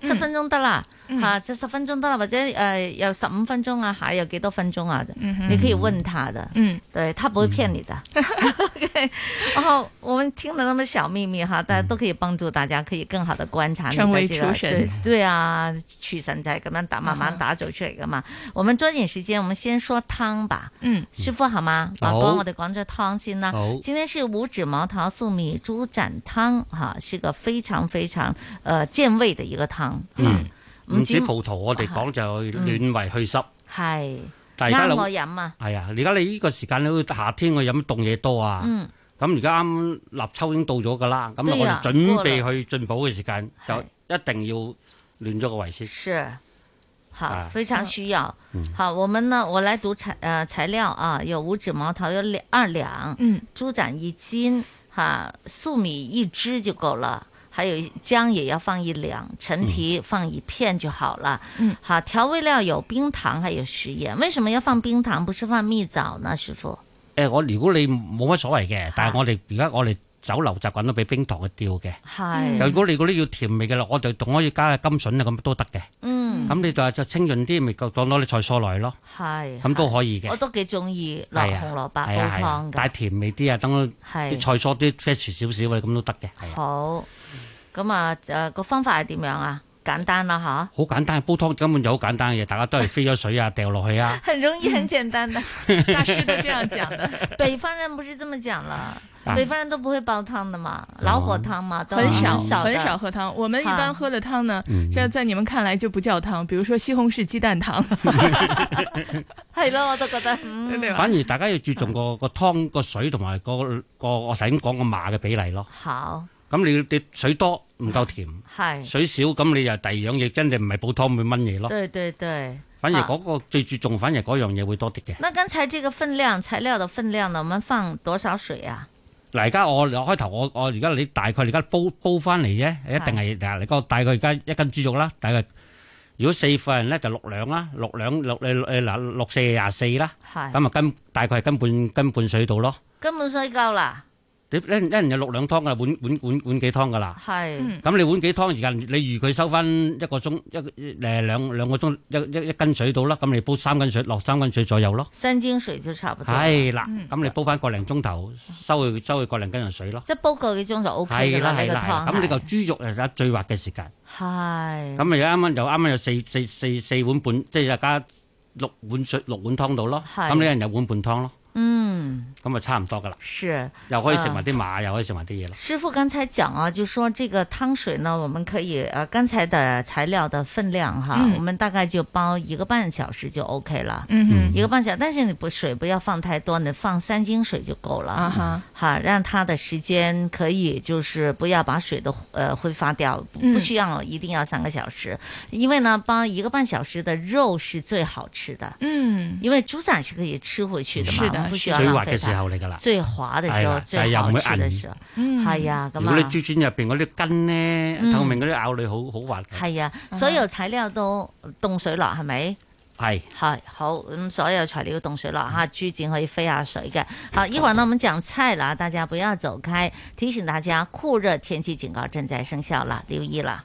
七分鐘得啦，啊，這十分鐘得了，或者呃有十五分鐘啊，還有幾多分鐘啊？你可以問他的，嗯，對，他不會騙你的。然後我們聽了那麼小秘密，哈，大家都可以幫助大家可以更好的觀察你的這個，對對啊，廚神就係咁樣打慢慢打造出嚟噶嘛。我們抓緊時間，我們先說湯吧。嗯，師傅好嗎？阿哥，我哋講咗湯先呢。今天是五指毛桃粟米豬展湯，哈，是個非常非常，呃健胃的一個湯。嗯，五指葡萄我哋講就暖胃祛濕，係啱我飲啊。係啊，而家你呢個時間，你會夏天我飲凍嘢多啊。咁而家啱立秋已經到咗噶啦，咁我哋準備去進補嘅時間，就一定要暖咗個胃先。是，好，非常需要。好，我們呢，我來讀材誒材料啊，有五指毛桃，有兩二兩，豬展一斤，哈，粟米一支就夠啦。還有薑也要放一兩，陳皮放一片就好了。嗯，好，調味料有冰糖，還有食鹽。為什麼要放冰糖，不是放蜜棗呢？師傅誒、呃，我如果你冇乜所謂嘅，但係我哋而家我哋酒樓習慣都俾冰糖去調嘅。係，如果你嗰啲要甜味嘅啦，我哋仲可以加下甘笋啊，咁都得嘅。嗯，咁、嗯、你潤就就清潤啲，咪當攞啲菜蔬來咯。係是，咁是都可以嘅。我都幾中意落紅蘿蔔、啊啊啊啊、煲湯嘅，帶甜味啲是啊，等啲菜蔬啲 fresh 少少嘅咁都得嘅。好。咁啊，誒，個方法係點樣啊？簡單啦，嗬。好簡單，煲湯根本就好簡單嘅嘢，大家都係飛咗水啊，掉落去啊。很容易，很簡單的。大師都這樣講的，北方人不是這麼講啦。北方人都不會煲湯的嘛，老火湯嘛，都很少很少喝湯。我們一般喝的湯呢，即係在你們看來就不叫湯，比如說西紅柿雞蛋湯。係咯，我都覺得。反而大家要注重個個湯個水同埋個我頭先講個馬嘅比例咯。好。咁你啲水多唔夠甜，水少咁你又第二樣嘢真係唔係煲湯會燜嘢咯。對對對，反而嗰個最注重，反而嗰樣嘢會多啲嘅。嗱剛才這個分量材料嘅分量呢？我們放多少水啊？嗱，而家我開頭我我而家你大概而家煲煲翻嚟啫，一定係嗱你個大概而家一斤豬肉啦，大概如果四份人咧就六兩啦，六兩六誒誒嗱六四廿四啦，咁啊跟大概係跟半跟半水度咯，跟半水夠啦。你一一人有六兩湯嘅碗碗碗碗幾湯噶啦，咁你碗幾湯而家，你預佢收翻一個鐘一誒兩兩個鐘一一斤水到啦，咁你煲三斤水落三斤水左右咯，三斤水就差唔多。係啦，咁你煲翻個零鐘頭收佢收佢個零斤嘅水咯。即係煲個幾鐘就 O K 啦，呢個湯。咁你個豬肉啊最滑嘅時間。係。咁啊啱啱就啱啱有四四四四碗半，即係加六碗水六碗湯到咯。咁你一人有碗半湯咯。嗯，咁啊差唔多噶啦，是又可以食埋啲馬，又可以食埋啲嘢啦。師傅剛才講啊，就說這個湯水呢，我們可以，呃剛才的材料的分量哈，嗯、我們大概就煲一個半小時就 OK 啦。嗯哼，嗯，一個半小時，但是你不水不要放太多，你放三斤水就夠了。啊哈，好，讓它的時間可以就是不要把水都呃揮發掉，不需要、嗯、一定要三個小時，因為呢煲一個半小時的肉是最好吃的。嗯，因為豬展是可以吃回去的嘛。是的。滑的的最滑嘅時候嚟噶啦，最滑嘅時候，係又唔會硬。係、嗯、啊咁。如果啲豬展入邊嗰啲筋咧，透明嗰啲咬你好好滑。係啊，所有材料都凍水落，係咪、嗯？係係好咁，所有材料凍水落，吓豬展可以飛下水嘅。好，一會呢，我們講菜啦，大家不要走開，提醒大家酷熱天氣警告正在生效啦，留意啦。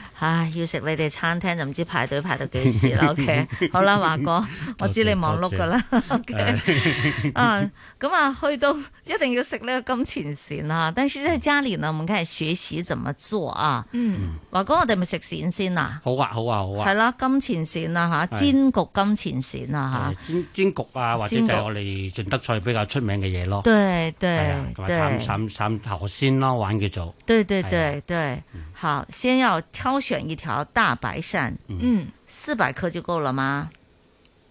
唉，要食你哋餐廳就唔知排隊排到幾時啦。OK， *laughs* 好啦，華哥， *laughs* 我知你忙碌㗎喇。OK， *laughs* *laughs* 嗯。咁啊，去到一定要食呢個金錢鱔啦，啊！但係在家裏呢，我們係學習怎麼做啊？嗯，華哥，啊，我哋咪食鱔先啦？好啊，好啊，好啊！係啦，金錢鱔啦吓，煎焗金錢鱔啦吓，煎煎焗啊，或者就係我哋順德菜比較出名嘅嘢咯。焗對對對，三三三頭先咯，玩叫做。對對對，啊，對，好，先要挑選一條大白鱔，嗯，四百、嗯、克就夠喇嘛？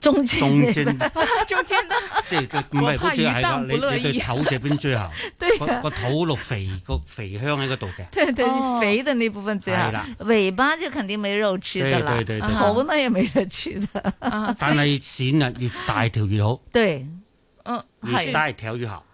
中尖，中間即係唔係好似係啦？你你對頭這邊最好，個肚落肥個肥香喺嗰度嘅，對對肥嘅呢部分最好啦，尾巴就肯定沒肉吃的啦，頭呢也沒得吃的。但係鱔啊，越大條越好，對，嗯係，越大條越好。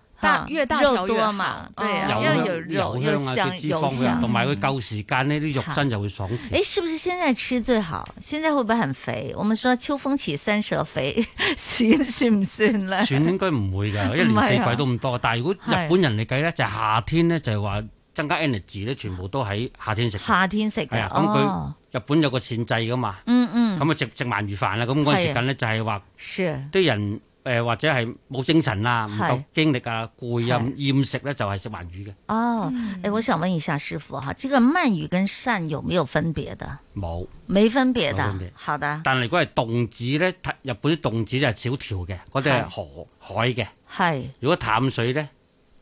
越大肉多嘛，對啊，越有油香啊，脂肪香，同埋佢夠時間呢啲肉身就會爽。誒，是不是現在吃最好？現在會唔會很肥？我們說秋風起，三蛇肥，鱔算唔算咧？算，應該唔會噶，一年四季都咁多。但係如果日本人嚟計咧，就係夏天咧，就係話增加 energy 咧，全部都喺夏天食。夏天食係啊，咁佢日本有個線制噶嘛，嗯嗯，咁啊食食鰻魚飯啦，咁嗰陣時間咧就係話，啲人。誒，或者係冇精神啊，唔夠精力啊，攰啊，厭食咧，就係食鰻魚嘅。哦，誒，我想問一下師傅哈，這個鰻魚跟鱔有冇分別的？冇，沒分別的。好的。但係如果係凍子咧，日本啲凍子就係小條嘅，嗰啲係河海嘅。係。如果淡水咧，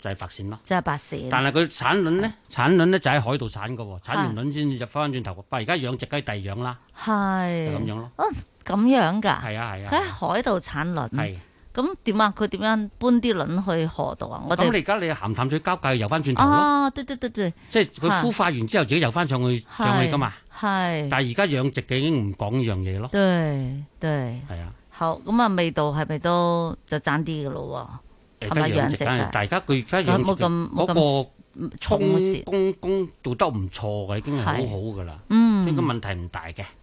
就係白鱔咯。就係白鱔。但係佢產卵咧，產卵咧就喺海度產嘅喎，產完卵先至入翻轉頭個杯。而家養隻雞第二樣啦。係。咁樣咯。哦，咁樣噶。係啊係啊。佢喺海度產卵。係。咁點啊？佢點樣搬啲卵去河道啊？咁你而家你鹹淡水交界游翻轉頭咯？啊，對對對對，即係佢孵化完之後自己游翻上去上去噶嘛？係。但係而家養殖嘅已經唔講呢樣嘢咯。對對，係啊。好，咁啊味道係咪都就爭啲噶咯？誒，而家養殖，大家佢而家養咁。嗰個公公公做得唔錯嘅，已經係好好噶啦。嗯，應該問題唔大嘅。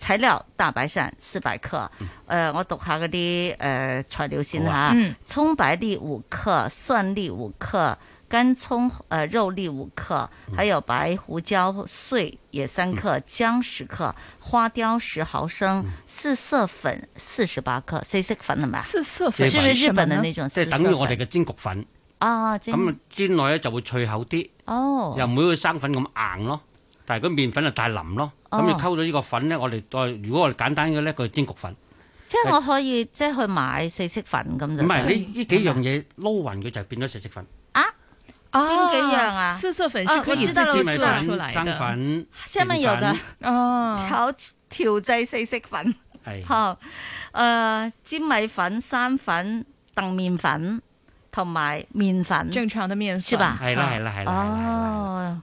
材料：大白鱔四百克，誒、嗯呃，我讀下嗰啲誒材料先吓。嗯、蔥白粒五克，蒜粒五克，乾蔥誒、呃、肉粒五克，嗯、還有白胡椒碎也三克，嗯、薑十克，花雕十毫升，四色粉四十八克。四色粉係咪？四色粉，係咪日本嘅嗰種色。即係等於我哋嘅煎焗粉。啊，咁樣煎耐咧就會脆口啲。哦，又唔會生粉咁硬咯。但係佢麵粉就太腍咯，咁你溝咗呢個粉咧，我哋再如果我哋簡單嘅咧，佢煎焗粉，即係我可以即係去買四色粉咁啫。唔係呢呢幾樣嘢撈勻佢就變咗四色粉啊？邊幾樣啊？四色粉，我知道攞出嚟嘅，蒸米粉、麵粉、炒調製四色粉，係，煎米粉、生粉、燉麵粉同埋麵粉，正常嘅麵粉，係啦，係啦，係啦。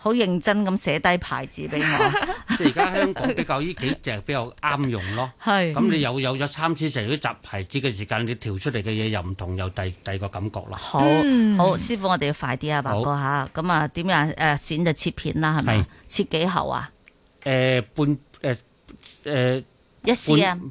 好認真咁寫低牌子俾我，即係而家香港比較呢幾隻比較啱用咯。係咁你又有咗三次成啲集牌子嘅時間，你調出嚟嘅嘢又唔同，又第第二個感覺啦。好好師傅，我哋要快啲啊，華哥吓。咁啊，點樣誒？剪就切片啦，係咪？切幾厚啊？誒，半誒誒，一 cm，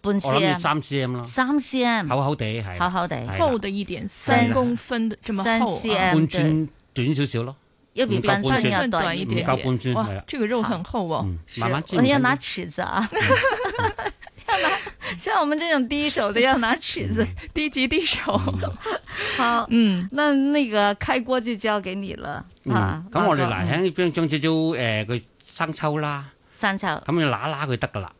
半 cm，三 cm 咯，三 cm，厚厚哋係，厚厚哋，厚的一點，三公分的 cm，短少少咯。要比別人要短一點哇，這個肉很厚哦，我們要拿尺子啊，要拿，像我們這種低手的要拿尺子，低級低手。好，嗯，那那個開鍋就交給你了啊。咁我哋嗱喺呢邊將少少誒佢生抽啦，生抽，咁你揦一揦佢得噶啦。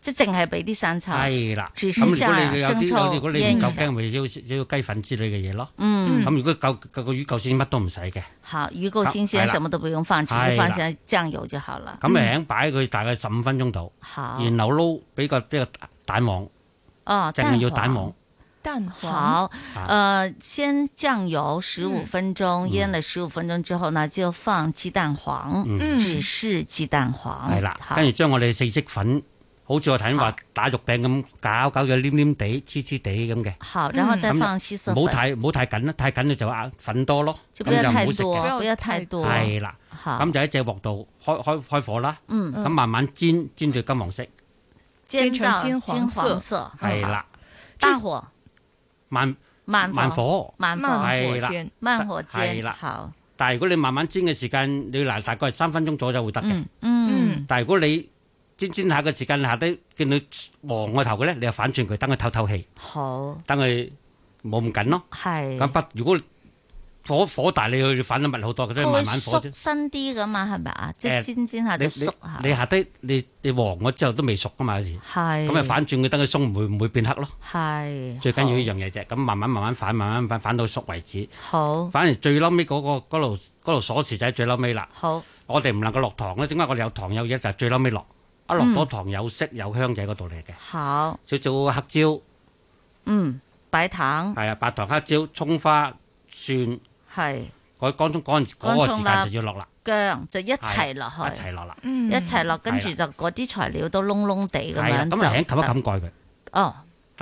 即係淨係俾啲生抽，係啦。咁如果你有啲，如果你唔夠驚，咪要用雞粉之類嘅嘢咯。嗯。咁如果夠個魚夠鮮，乜都唔使嘅。好，魚夠新鮮，什麼都不用放，只放上醬油就好了。咁咪喺擺佢大概十五分鐘度。好。然後撈俾個呢個蛋黃。哦，蛋黃。要蛋黃。蛋黃。好。誒，先醬油十五分鐘，腌了十五分鐘之後呢，就放雞蛋黃，只是雞蛋黃。係啦。跟住將我哋四色粉。好似我睇，話打肉餅咁搞搞，就黏黏地、黐黐地咁嘅。好，然後再放西式粉。唔好太唔好太緊啦，太緊就就粉多咯。咁就唔好食嘅，不要太多。係啦，咁就喺隻鑊度開開開火啦。嗯。咁慢慢煎，煎到金黃色。煎到金黃色。係啦，大火。慢慢慢火，慢火煎，慢火煎啦。好。但係如果你慢慢煎嘅時間，你嗱大概係三分鐘左右會得嘅。嗯嗯。但係如果你煎煎下嘅時間，你下低見到黃個頭嘅咧，你又反轉佢，等佢透透氣，好等佢冇咁緊咯。係咁不如果火火大，你要反得密好多，佢都慢慢火新啲噶嘛，係咪啊？即係煎煎下就縮下。你下低，你你黃咗之後都未熟噶嘛，有時。係咁又反轉佢，等佢鬆，唔會唔會變黑咯。係最緊要一樣嘢啫。咁慢慢慢慢反，慢慢反反到熟為止。好，反而最嬲尾嗰個度嗰度鎖匙就係最嬲尾啦。好，我哋唔能夠落糖咧，點解我哋有糖有嘢就係最嬲尾落。一落多糖有色有香嘅嗰度嚟嘅，好，少少黑椒，嗯，擺糖，係啊，白糖黑椒葱花蒜，係，嗰乾葱嗰陣嗰個時間就要落啦，薑就一齊落去，一齊落啦，一齊落，跟住就嗰啲材料都窿窿地咁樣就。咁啊，冚一冚蓋佢。哦。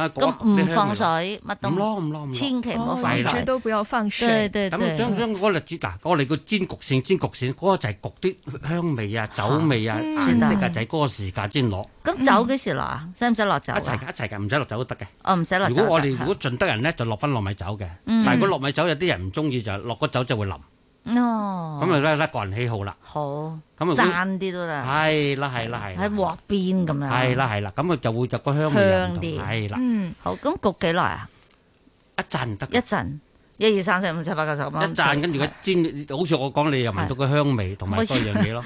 咁唔放水，乜都唔千祈唔好放水，都唔要放水。咁將將嗰栗子嗱，我哋個煎焗先，煎焗先，嗰個就係焗啲香味啊、酒味啊、顏色啊，就係嗰個時間先落。咁酒幾時落啊？使唔使落酒？一齊一齊嘅，唔使落酒都得嘅。我唔使落。如果我哋如果盡得人咧，就落翻糯米酒嘅。但係如果糯米酒有啲人唔中意，就係落個酒就會淋。哦，咁啊咧咧個人喜好啦，好，咁賺啲都得。係啦係啦係，喺鑊邊咁樣，係啦係啦，咁啊就會入個香味，係啦，嗯，好，咁焗幾耐啊？一陣得，一陣，一二三四五七八九十蚊，一陣跟住佢煎，好似我講你又聞到個香味同埋嗰樣嘢咯，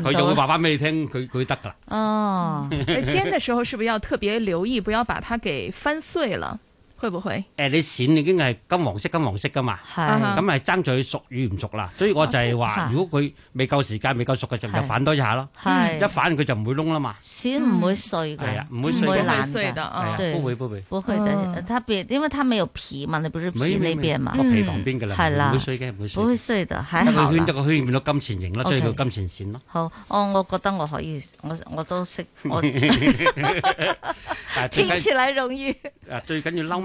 佢就會話翻俾你聽，佢佢得噶啦。哦，煎嘅時候是不是要特別留意，不要把它給翻碎了？會唔會？你鱔已經係金黃色，金黃色㗎嘛。係。咁係爭在佢熟與唔熟啦。所以我就係話，如果佢未夠時間，未夠熟嘅時候，就反多一下咯。係。一反佢就唔會窿啦嘛。鱔唔會碎㗎。係啊，唔會碎。唔會爛㗎。係啊，不會不會。不會的，特別因為它冇皮嘛，你不如皮呢邊嘛。個皮旁邊㗎啦。係啦。唔會碎嘅，唔會碎。唔會碎的，係圈一個圈變到金錢形咯，再到叫金錢線咯。好，我我覺得我可以，我我都識。聽起來容易。啊，最緊要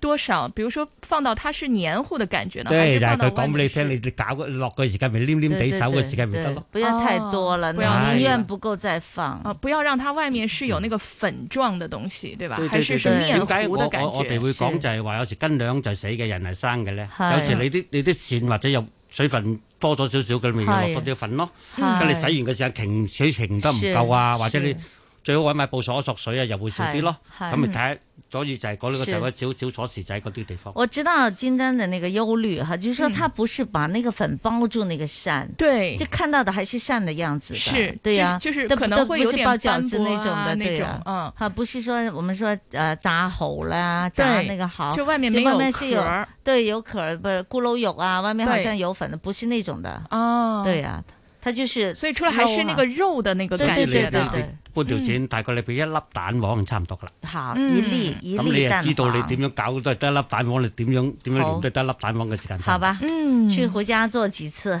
多少？比如說放到它是黏糊的感覺呢？對，係佢講俾你聽，你你搞落個時間咪黏黏地手嘅時間咪得咯。不要太多了，寧願不夠再放啊！不要讓它外面是有那個粉狀嘅東西，對吧？還是麵糊的感覺？點解我我哋會講就係話有時斤兩就死嘅人係生嘅咧？有時你啲你啲線或者有水分多咗少少，嘅，咪落多啲粉咯。咁你洗完嘅時候停水停得唔夠啊？或者你。最好搵埋部鎖鎖水啊，又會少啲咯。咁咪睇，所以就係嗰啲就係嗰少少鎖匙仔嗰啲地方。我知道金丹的那個憂慮哈，就說他不是把那個粉包住那個扇，對，就看到的還是扇的樣子，是，對啊，都都不是包餃子那種的，對啊，啊，不是說我們說，呃，炸蠔啦，炸那個蠔，就外面就外面是有，對，有殼，不，咕嚕肉啊，外面好像有粉，不是那種的，啊，對啊。它就是，所以出來還是那個肉的那個感覺。對對，對對對對對。半條錢，嗯、大概你俾一粒蛋黃就差唔多噶啦。好、嗯一，一粒一粒蛋黃。咁你又知道你點樣搞都係得一粒蛋黃，你點樣點好樣連都得，得一粒蛋黃嘅時間。好吧，嗯，去回家做幾次。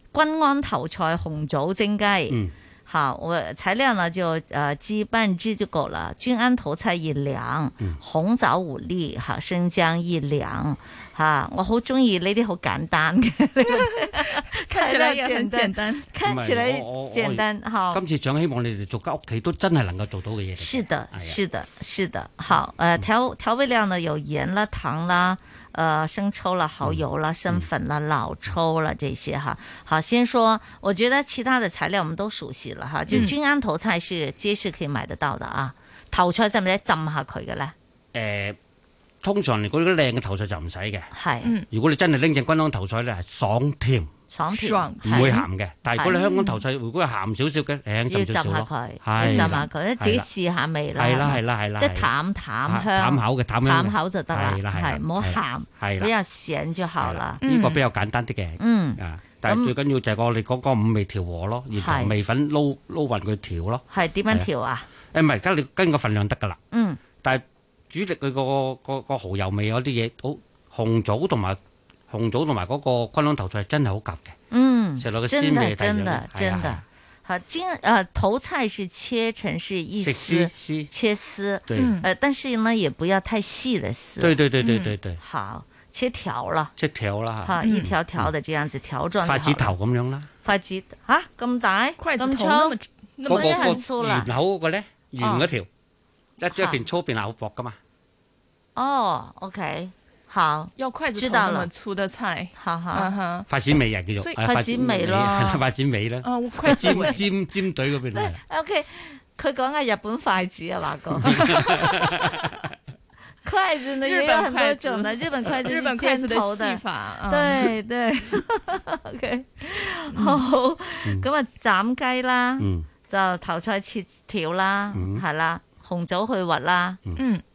均安頭菜紅棗蒸雞，嗯、好，我材料呢就，誒，雞半隻就夠啦。均安頭菜一兩，嗯、紅棗五粒，吓、啊、生薑一兩，吓、啊、我好中意呢啲好簡單嘅， *laughs* 看起來也很簡單，看起來很簡單哈。今次想希望你哋逐家屋企都真係能夠做到嘅嘢。是的，哎、呀是的，是的，好，誒、調、呃、調味料呢有鹽啦，糖啦。呃，生抽啦、蠔油啦、嗯、生粉啦、嗯、老抽啦這些哈。好，先說，我覺得其他的材料我們都熟悉了哈。就均安頭菜是街市可以買得到的啊。嗯、頭菜是咪得浸下佢嘅呢？通常嚟講，啲靚嘅頭菜就唔使嘅。係是，嗯、如果你真係拎正均安頭菜呢，係爽甜。爽唔會鹹嘅，但係如果你香港頭菜如果係鹹少少嘅，要浸下佢，浸下佢，自己試下味啦。係啦，係啦，係啦，即係淡淡香。淡口嘅，淡口就得啦，係唔好鹹。係啦，比較醒就好啦。呢個比較簡單啲嘅，嗯，但係最緊要就係我哋嗰個五味調和咯，然後味粉撈撈勻佢調咯。係點樣調啊？誒，唔係，而家你跟個份量得噶啦。嗯。但係主力佢個個蠔油味嗰啲嘢，好紅棗同埋。紅棗同埋嗰個均安頭菜真係好夾嘅。嗯，食落個鮮味真嘅，樣。係啊，真啊，頭菜是切成是一絲、絲、切絲，對，誒，但是呢也不要太細的絲。對對對對對、對，好，切條啦。切條啦，吓，一條條就這樣子條狀。筷子頭咁樣啦。筷子吓，咁大，咁粗，嗰個個圓口嗰個咧，圓嗰條一一邊粗，邊係好薄噶嘛？哦，OK。好，要筷子咁樣粗的菜，哈哈發展美人嘅肉，發展美咯，發展美啦，尖尖尖嘴嗰邊嚟。O K，佢講嘅日本筷子啊，馬哥，筷子呢有好多種，日本筷子尖頭嘅，對對。O K，好，咁啊斬雞啦，就頭菜切條啦，係啦，紅棗去核啦，嗯。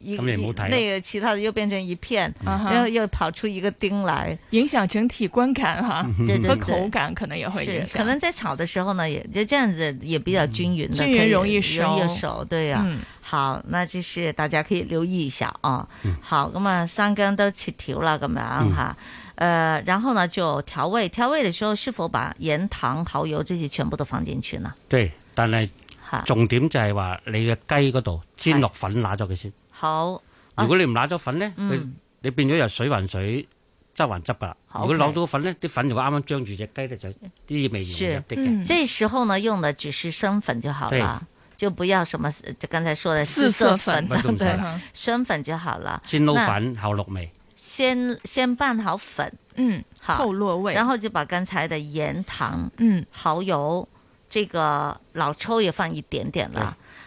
咁你唔睇那個其他的又變成一片，嗯、然後又跑出一個釘來，影響整體觀感哈，對對對和口感可能也會影響，是可能在炒的時候呢，也就這樣子，也比較均勻的。嗯、以均勻熟容易熟，對呀、啊。嗯、好，那就是大家可以留意一下啊。好，咁啊，三根都切條了咁樣哈、啊。嗯、呃，然後呢就調味，調味的時候是否把鹽、糖、蠔油這些全部都放進去呢？對，但係重點就係話你嘅雞嗰度煎落粉拿咗佢先。好，如果你唔拿咗粉呢，你你變咗又水還水，汁還汁噶啦。如果攞到粉呢，啲粉如果啱啱張住隻雞咧，就啲味鹽嘅。是，這時候呢，用的只是生粉就好了，就不要什麼剛才說的四色粉啦，對，生粉就好了。先撈粉後落味，先先拌好粉，嗯，好，後落味，然後就把剛才的鹽糖，嗯，蠔油，這個老抽也放一點點啦。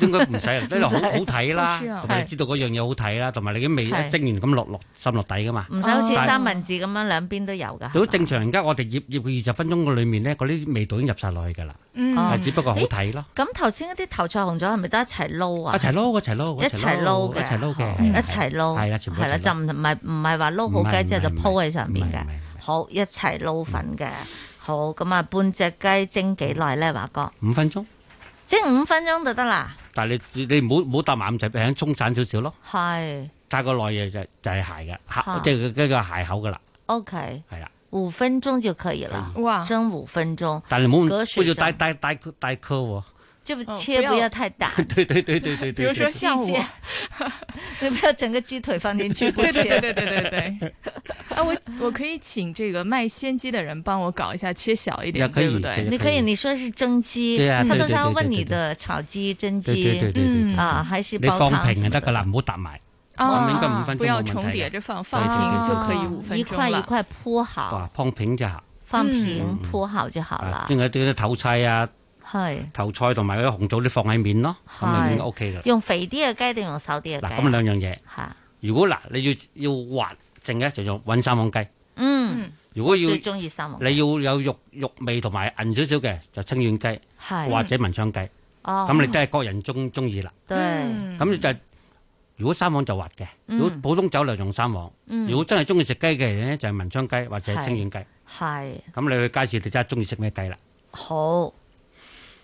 應該唔使，因為好好睇啦，咁你知道嗰樣嘢好睇啦，同埋你啲味蒸完咁落落滲落底噶嘛，唔使好似三文治咁樣兩邊都有噶。如果正常，而家我哋醃醃佢二十分鐘嘅裏面咧，嗰啲味道已經入晒落去噶啦，係只不過好睇咯。咁頭先一啲頭菜紅棗係咪都一齊撈啊？一齊撈，一齊撈，一齊撈嘅，一齊撈嘅，一齊撈。係啦，就唔唔係唔係話撈好雞之後就鋪喺上面嘅，好一齊撈粉嘅。好咁啊，半隻雞蒸幾耐咧？華哥，五分鐘。蒸五分鐘就得啦。但係你你唔好唔好搭埋咁滯，俾人沖散少少咯。係。帶個耐嘢就就係鞋嘅，即係個鞋口噶啦。O K。係啦，五分鐘就可以啦。哇！蒸五分鐘。但係唔好，不要帶帶帶帶即就切不要太大。對對對對對對。比如說像我，你不要整個雞腿放進去。對對對對對對。啊我我可以請這個賣鮮雞的人幫我搞一下切小一點，可以對？你可以你說是蒸雞，他通要問你的炒雞、蒸雞，嗯，啊，還是你放平就得噶啦，唔好疊埋。啊，不要重疊着放，放平就可以五分鐘。一塊一塊鋪好。放平就，放平鋪好就好啦。另外啲啲頭菜啊，係頭菜同埋嗰啲紅棗你放喺面咯，咁就 OK。用肥啲嘅雞定用瘦啲嘅雞？咁兩樣嘢。吓，如果嗱你要要滑。淨嘅就做揾三黃雞。嗯，如果要中意三黃，你要有肉肉味同埋韌少少嘅就清遠雞，是或者文昌雞。哦，咁你都係個人中中意啦。對。咁、嗯、就是、如果三黃就滑嘅，如果普通酒樓用三黃，嗯、如果真係中意食雞嘅人咧，就係、是、文昌雞或者清遠雞。係是。咁你去街市，你真係中意食咩雞啦？好。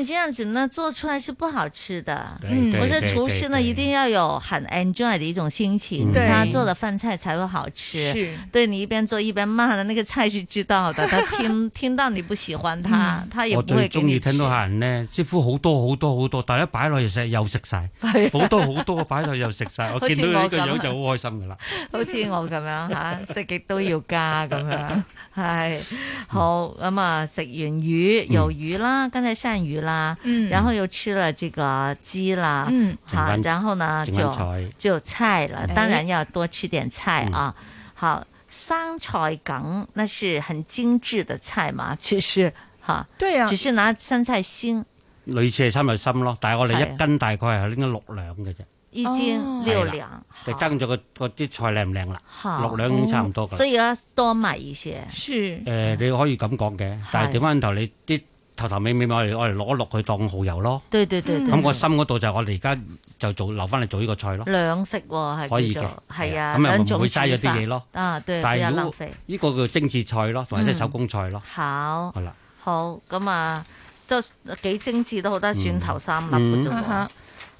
你這樣子，呢做出來是不好吃的。嗯，我覺得廚師呢一定要有很 enjoy 的一種心情，他做的飯菜才會好吃。對，你一邊做一邊罵的那個菜是知道的，他聽聽到你不喜歡他，他也不會中意。聽到客人呢，似乎好多好多好多，但係一擺落嚟食又食晒，好多好多擺落又食晒。我見到呢個樣就好開心噶啦，好似我咁樣吓，食極都要加咁樣，係好咁啊！食完魚又魚啦，跟住鱔魚啦。啊，嗯，然後又吃了這個雞啦，嗯，好，然後呢就就菜了，當然要多吃點菜啊，好，生菜梗那是很精致的菜嘛，其實吓，對呀，只是拿生菜心，類似係生菜心咯，但係我哋一斤大概係拎咗六兩嘅啫，一斤六兩，就跟咗個啲菜靚唔靚啦，六兩已經差唔多，所以而家多買一些，是，誒，你可以咁講嘅，但係點翻頭你啲。頭頭尾尾我我哋攞一落去當蠔油咯，對對對，咁我心嗰度就我哋而家就做留翻嚟做呢個菜咯。兩食係可以嘅，係啊，咁樣做會嘥咗啲嘢咯。啊，對，但係如果呢個叫精緻菜咯，或者係手工菜咯，好係啦，好咁啊，都幾精緻都好得蒜頭三粒嘅啫嘛。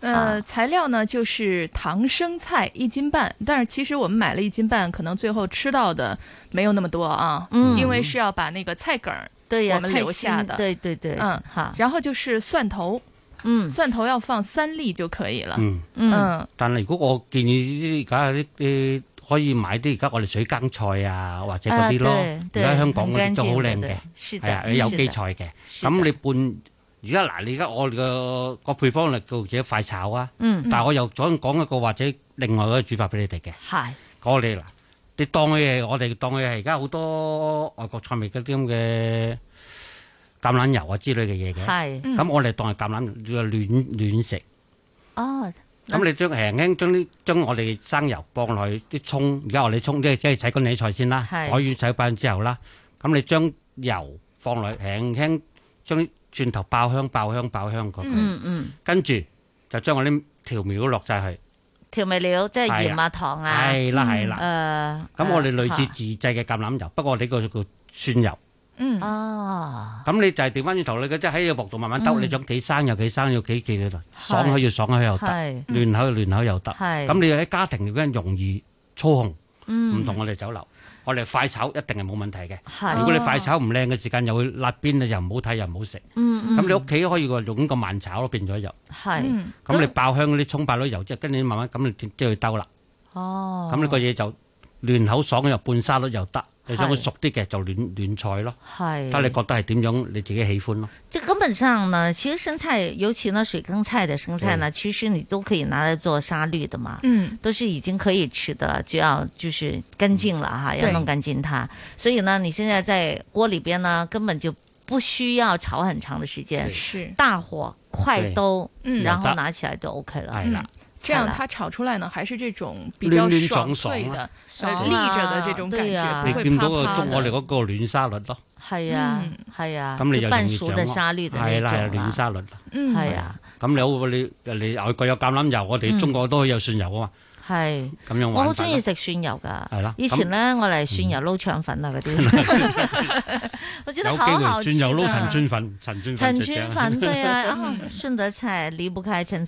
誒，材料呢就是唐生菜一斤半，但是其實我們買了一斤半，可能最後吃到嘅，沒有那麼多啊，因為是要把那個菜梗。對呀，菜心，對對對，嗯好，然後就是蒜頭，嗯，蒜頭要放三粒就可以了，嗯嗯。但係如果我建議而家啲啲可以買啲而家我哋水耕菜啊，或者嗰啲咯，而家香港嗰啲都好靚嘅，係啊，有機菜嘅。咁你拌，而家嗱，你而家我哋個個配方嚟做者快炒啊，嗯，但係我又想講一個或者另外一個煮法俾你哋嘅，係，好嘅啦。你當佢係，我哋當佢係而家好多外國菜味嗰啲咁嘅橄欖油啊之類嘅嘢嘅，咁、嗯、我哋當係橄欖就亂亂食。哦，咁你將輕輕將啲將我哋生油放落去啲葱，而家我哋葱即係即係洗過啲菜先啦，攞完是洗白之後啦，咁你將油放落去，輕輕將啲蒜頭爆香爆香爆香佢，嗯嗯、跟住就將我啲調味料落晒去。調味料即係鹽啊糖啊，係啦係啦。咁我哋類似自製嘅橄欖油，不過呢個叫蒜油。嗯哦。咁你就係調翻轉頭，你嘅即係喺個鑊度慢慢兜，你想幾生又幾生，要幾記嘅啦。爽口要爽口又得，嫩口要嫩口又得。咁你喺家庭入面容易操控。唔同、嗯、我哋酒樓，我哋快炒一定係冇問題嘅。是如果你快炒唔靚嘅時間，又會辣邊啊，又唔好睇，又唔好食。咁、嗯嗯、你屋企可以個用個慢炒咯，變咗油。係是。咁、嗯、你爆香啲葱、嗯嗯、爆咗油之後，跟住慢慢咁你即係去兜啦。哦。咁呢個嘢就～嫩口爽又拌沙律又得，你是想佢熟啲嘅就嫩菜咯。係是，但係你覺得係點樣，你自己喜歡咯。根本上呢，其實生菜，尤其呢水耕菜的生菜呢，對其實你都可以拿來做沙律的嘛。嗯，都是已經可以吃的，就要就是乾淨了哈，嗯、要弄乾淨它。對所以呢，你現在在鍋裏邊呢，根本就不需要炒很長的時間，是對大火快兜，嗯，然後拿起來就 OK 了。係啦了。嗯這樣它炒出來呢，還是這種比較爽脆的，立着的這種感覺你見到中我哋嗰個暖沙律咯？係、嗯、啊，係、嗯、啊，咁你就容易沙、啊、沙律。係啦，暖沙律。嗯，係啊、嗯。咁你好，你你外國有橄欖油，我哋中國都可以有蒜油啊嘛。嗯係，我好中意食蒜油噶。係啦的，以前咧、嗯、我嚟蒜油撈腸粉啊嗰啲。 *laughs* *laughs* 我覺得好好食、啊。有機會蒜油撈陳村粉，陳村粉，陳村粉，對啊，順、 *laughs* 啊、德菜離不開陳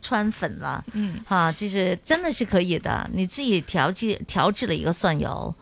村粉啦。嗯，嚇、啊，就是真的是可以的，你自己調製，調製了一個蒜油。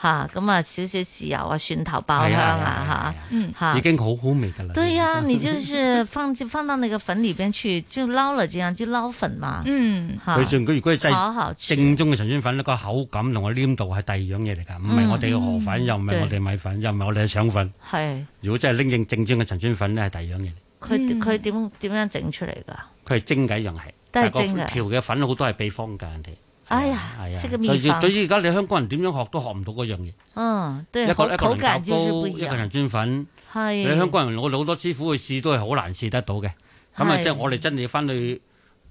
吓咁啊，少少豉油啊，蒜頭爆香啊，吓，已經好好味噶啦。對啊，你就是放放到那個粉裏邊去，就撈嚟這樣，就撈粉嘛。嗯，佢仲佢如果係真正宗嘅陳村粉咧，個口感同個黏度係第二樣嘢嚟噶，唔係我哋嘅河粉，又唔係我哋米粉，又唔係我哋嘅腸粉。係。如果真係拎正正宗嘅陳村粉呢，係第二樣嘢。佢佢點點樣整出嚟噶？佢係蒸嘅一樣係，都係蒸嘅。條嘅粉好多係秘方噶，人哋。哎呀，即個麵粉。而家你香港人點樣學都學唔到嗰樣嘢。嗯，一係好貴。一個人專粉，係。你香港人我好多師傅去試都係好難試得到嘅。咁啊，即係我哋真係要翻去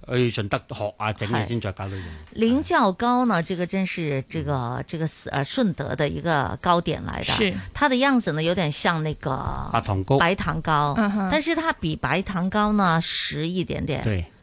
去順德學啊整你先再教你用。倫教糕呢，呢個真是這個這個順呃順德嘅一個糕點嚟嘅。是。它的樣子呢，有點像那個白糖糕。白糖糕。嗯哼。但是它比白糖糕呢實一點點。對。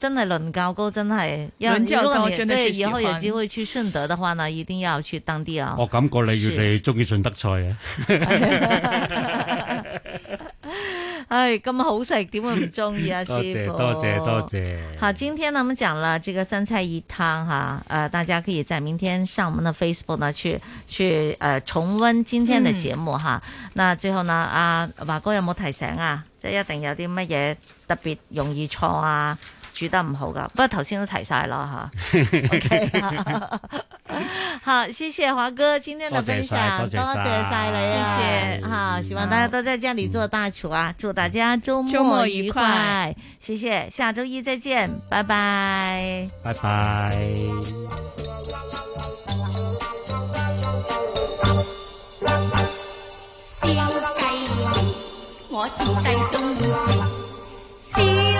真係倫教糕，真係。倫教糕，高，我真係食屎。對，以後有機會去順德嘅話呢，一定要去當地啊。我感覺你越嚟中意順德菜麼麼啊。唉謝，咁好食，點會唔中意啊？師傅，多謝多謝。好，今天咁樣講啦，這個三菜一湯哈，呃、啊，大家可以在明天上我們的 Facebook 呢，去去呃重溫今天的節目哈、嗯啊。那最後呢，阿、啊、華哥有冇提醒啊？即係一定有啲乜嘢特別容易錯啊？煮得唔好㗎，不過頭先都提曬啦吓。好、 *laughs* okay，好，謝謝華哥，今天的分享多謝晒你。好，希望大家都在家裏做大廚啊！嗯、祝大家週末愉快，愉快謝謝，下週一再見，拜拜，拜拜。拜拜。